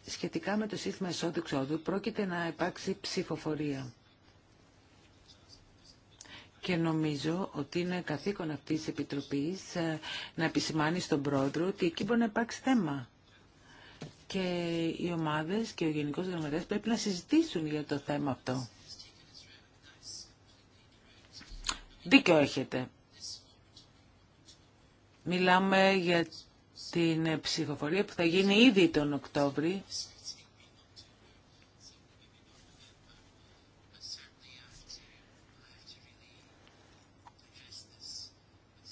σχετικά με το σύστημα εσόδου-εξόδου πρόκειται να υπάρξει ψηφοφορία και νομίζω ότι είναι καθήκον αυτής της Επιτροπής ε, να επισημάνει στον πρόεδρο ότι εκεί μπορεί να υπάρξει θέμα. Και οι ομάδες και ο Γενικό Γραμματέας πρέπει να συζητήσουν για το θέμα αυτό. Δίκιο έχετε. Μιλάμε για την ψηφοφορία που θα γίνει ήδη τον Οκτώβριο.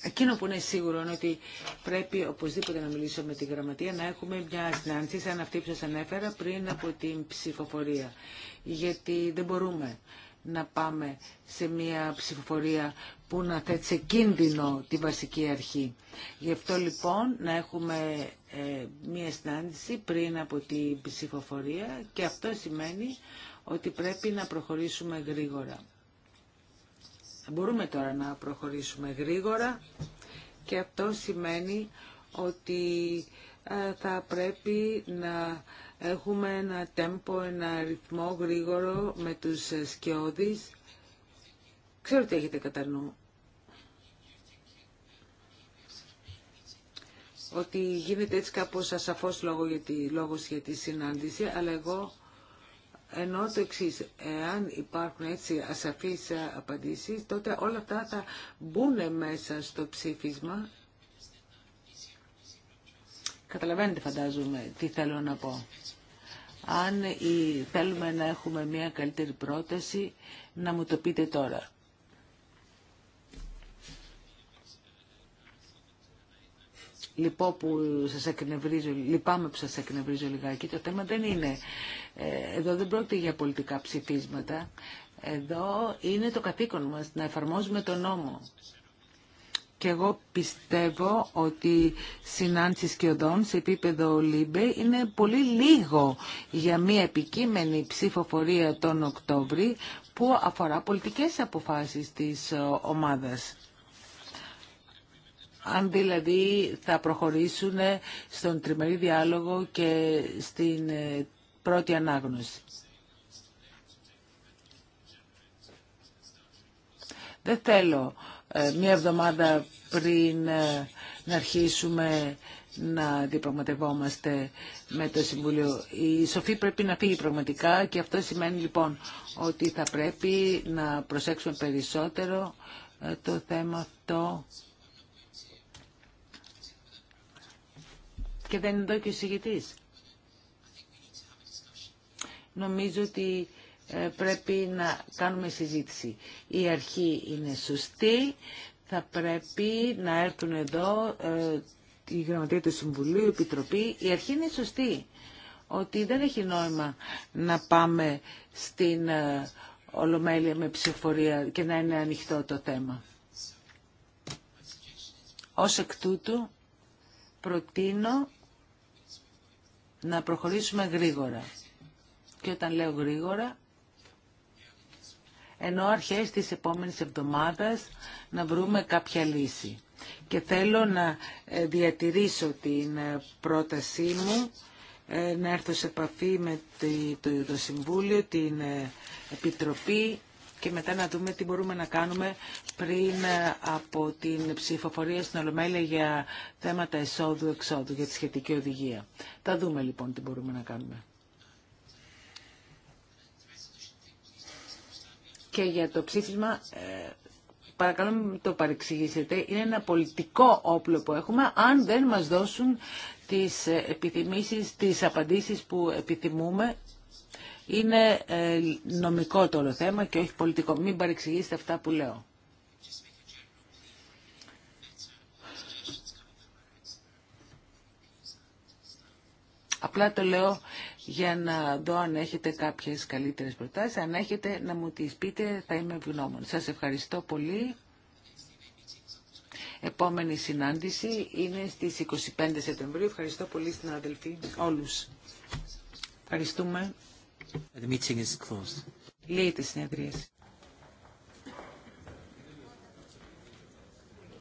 Εκείνο που είναι σίγουρο είναι ότι πρέπει οπωσδήποτε να μιλήσω με τη γραμματεία, να έχουμε μια συνάντηση σαν αυτή που σας ανέφερα πριν από την ψηφοφορία. Γιατί δεν μπορούμε να πάμε σε μια ψηφοφορία που να θέτει σε κίνδυνο τη βασική αρχή. Γι' αυτό λοιπόν να έχουμε ε, μια συνάντηση πριν από την ψηφοφορία και αυτό σημαίνει ότι πρέπει να προχωρήσουμε γρήγορα. Μπορούμε τώρα να προχωρήσουμε γρήγορα και αυτό σημαίνει ότι ε, θα πρέπει να έχουμε ένα τέμπο, ένα ρυθμό γρήγορο με τους σκιώδεις. Ξέρω τι έχετε κατά νου. Ότι γίνεται έτσι κάπως ασαφώς λόγο για τη, λόγος για τη συνάντηση, αλλά εγώ ενώ το εξή, εάν υπάρχουν έτσι ασαφείς απαντήσεις, τότε όλα αυτά θα μπουν μέσα στο ψήφισμα. Καταλαβαίνετε φαντάζομαι τι θέλω να πω. Αν θέλουμε να έχουμε μια καλύτερη πρόταση, να μου το πείτε τώρα. λυπώ που σας εκνευρίζω, λυπάμαι που σας εκνευρίζω λιγάκι. Το θέμα δεν είναι, ε, εδώ δεν πρόκειται για πολιτικά ψηφίσματα. Εδώ είναι το καθήκον μας να εφαρμόζουμε τον νόμο. Και εγώ πιστεύω ότι συνάντηση σκιωδών σε επίπεδο ΛΥΜΠΕ είναι πολύ λίγο για μια επικείμενη ψηφοφορία τον Οκτώβρη που αφορά πολιτικές αποφάσεις της ομάδας αν δηλαδή θα προχωρήσουν στον τριμερή διάλογο και στην ε, πρώτη ανάγνωση. Δεν θέλω ε, μία εβδομάδα πριν ε, να αρχίσουμε να διαπραγματευόμαστε με το Συμβούλιο. Η Σοφή πρέπει να φύγει πραγματικά και αυτό σημαίνει λοιπόν ότι θα πρέπει να προσέξουμε περισσότερο το θέμα αυτό και δεν είναι εδώ και ο συγητής. Νομίζω ότι ε, πρέπει να κάνουμε συζήτηση. Η αρχή είναι σωστή. Θα πρέπει να έρθουν εδώ ε, η Γραμματεία του Συμβουλίου, η Επιτροπή. Η αρχή είναι σωστή. Ότι δεν έχει νόημα να πάμε στην ε, Ολομέλεια με ψηφορία και να είναι ανοιχτό το θέμα. Ως εκ τούτου προτείνω να προχωρήσουμε γρήγορα. Και όταν λέω γρήγορα, ενώ αρχές της επόμενης εβδομάδας να βρούμε κάποια λύση. Και θέλω να ε, διατηρήσω την ε, πρότασή μου, ε, να έρθω σε επαφή με το Συμβούλιο, την Επιτροπή και μετά να δούμε τι μπορούμε να κάνουμε πριν ε, από την ψηφοφορία στην Ολομέλεια για θέματα εισόδου-εξόδου, για τη σχετική οδηγία. Θα δούμε λοιπόν τι μπορούμε να κάνουμε. Και για το ψήφισμα, ε, παρακαλώ μην το παρεξηγήσετε, είναι ένα πολιτικό όπλο που έχουμε αν δεν μας δώσουν τις ε, επιθυμήσεις, τις απαντήσεις που επιθυμούμε είναι ε, νομικό το όλο θέμα και όχι πολιτικό. Μην παρεξηγήσετε αυτά που λέω. Απλά το λέω για να δω αν έχετε κάποιες καλύτερες προτάσεις. Αν έχετε να μου τις πείτε θα είμαι ευγνώμων. Σας ευχαριστώ πολύ. Επόμενη συνάντηση είναι στις 25 Σεπτεμβρίου. Ευχαριστώ πολύ στην αδελφή όλους. Ευχαριστούμε. The meeting is closed. Λύει τη συνεδρίαση.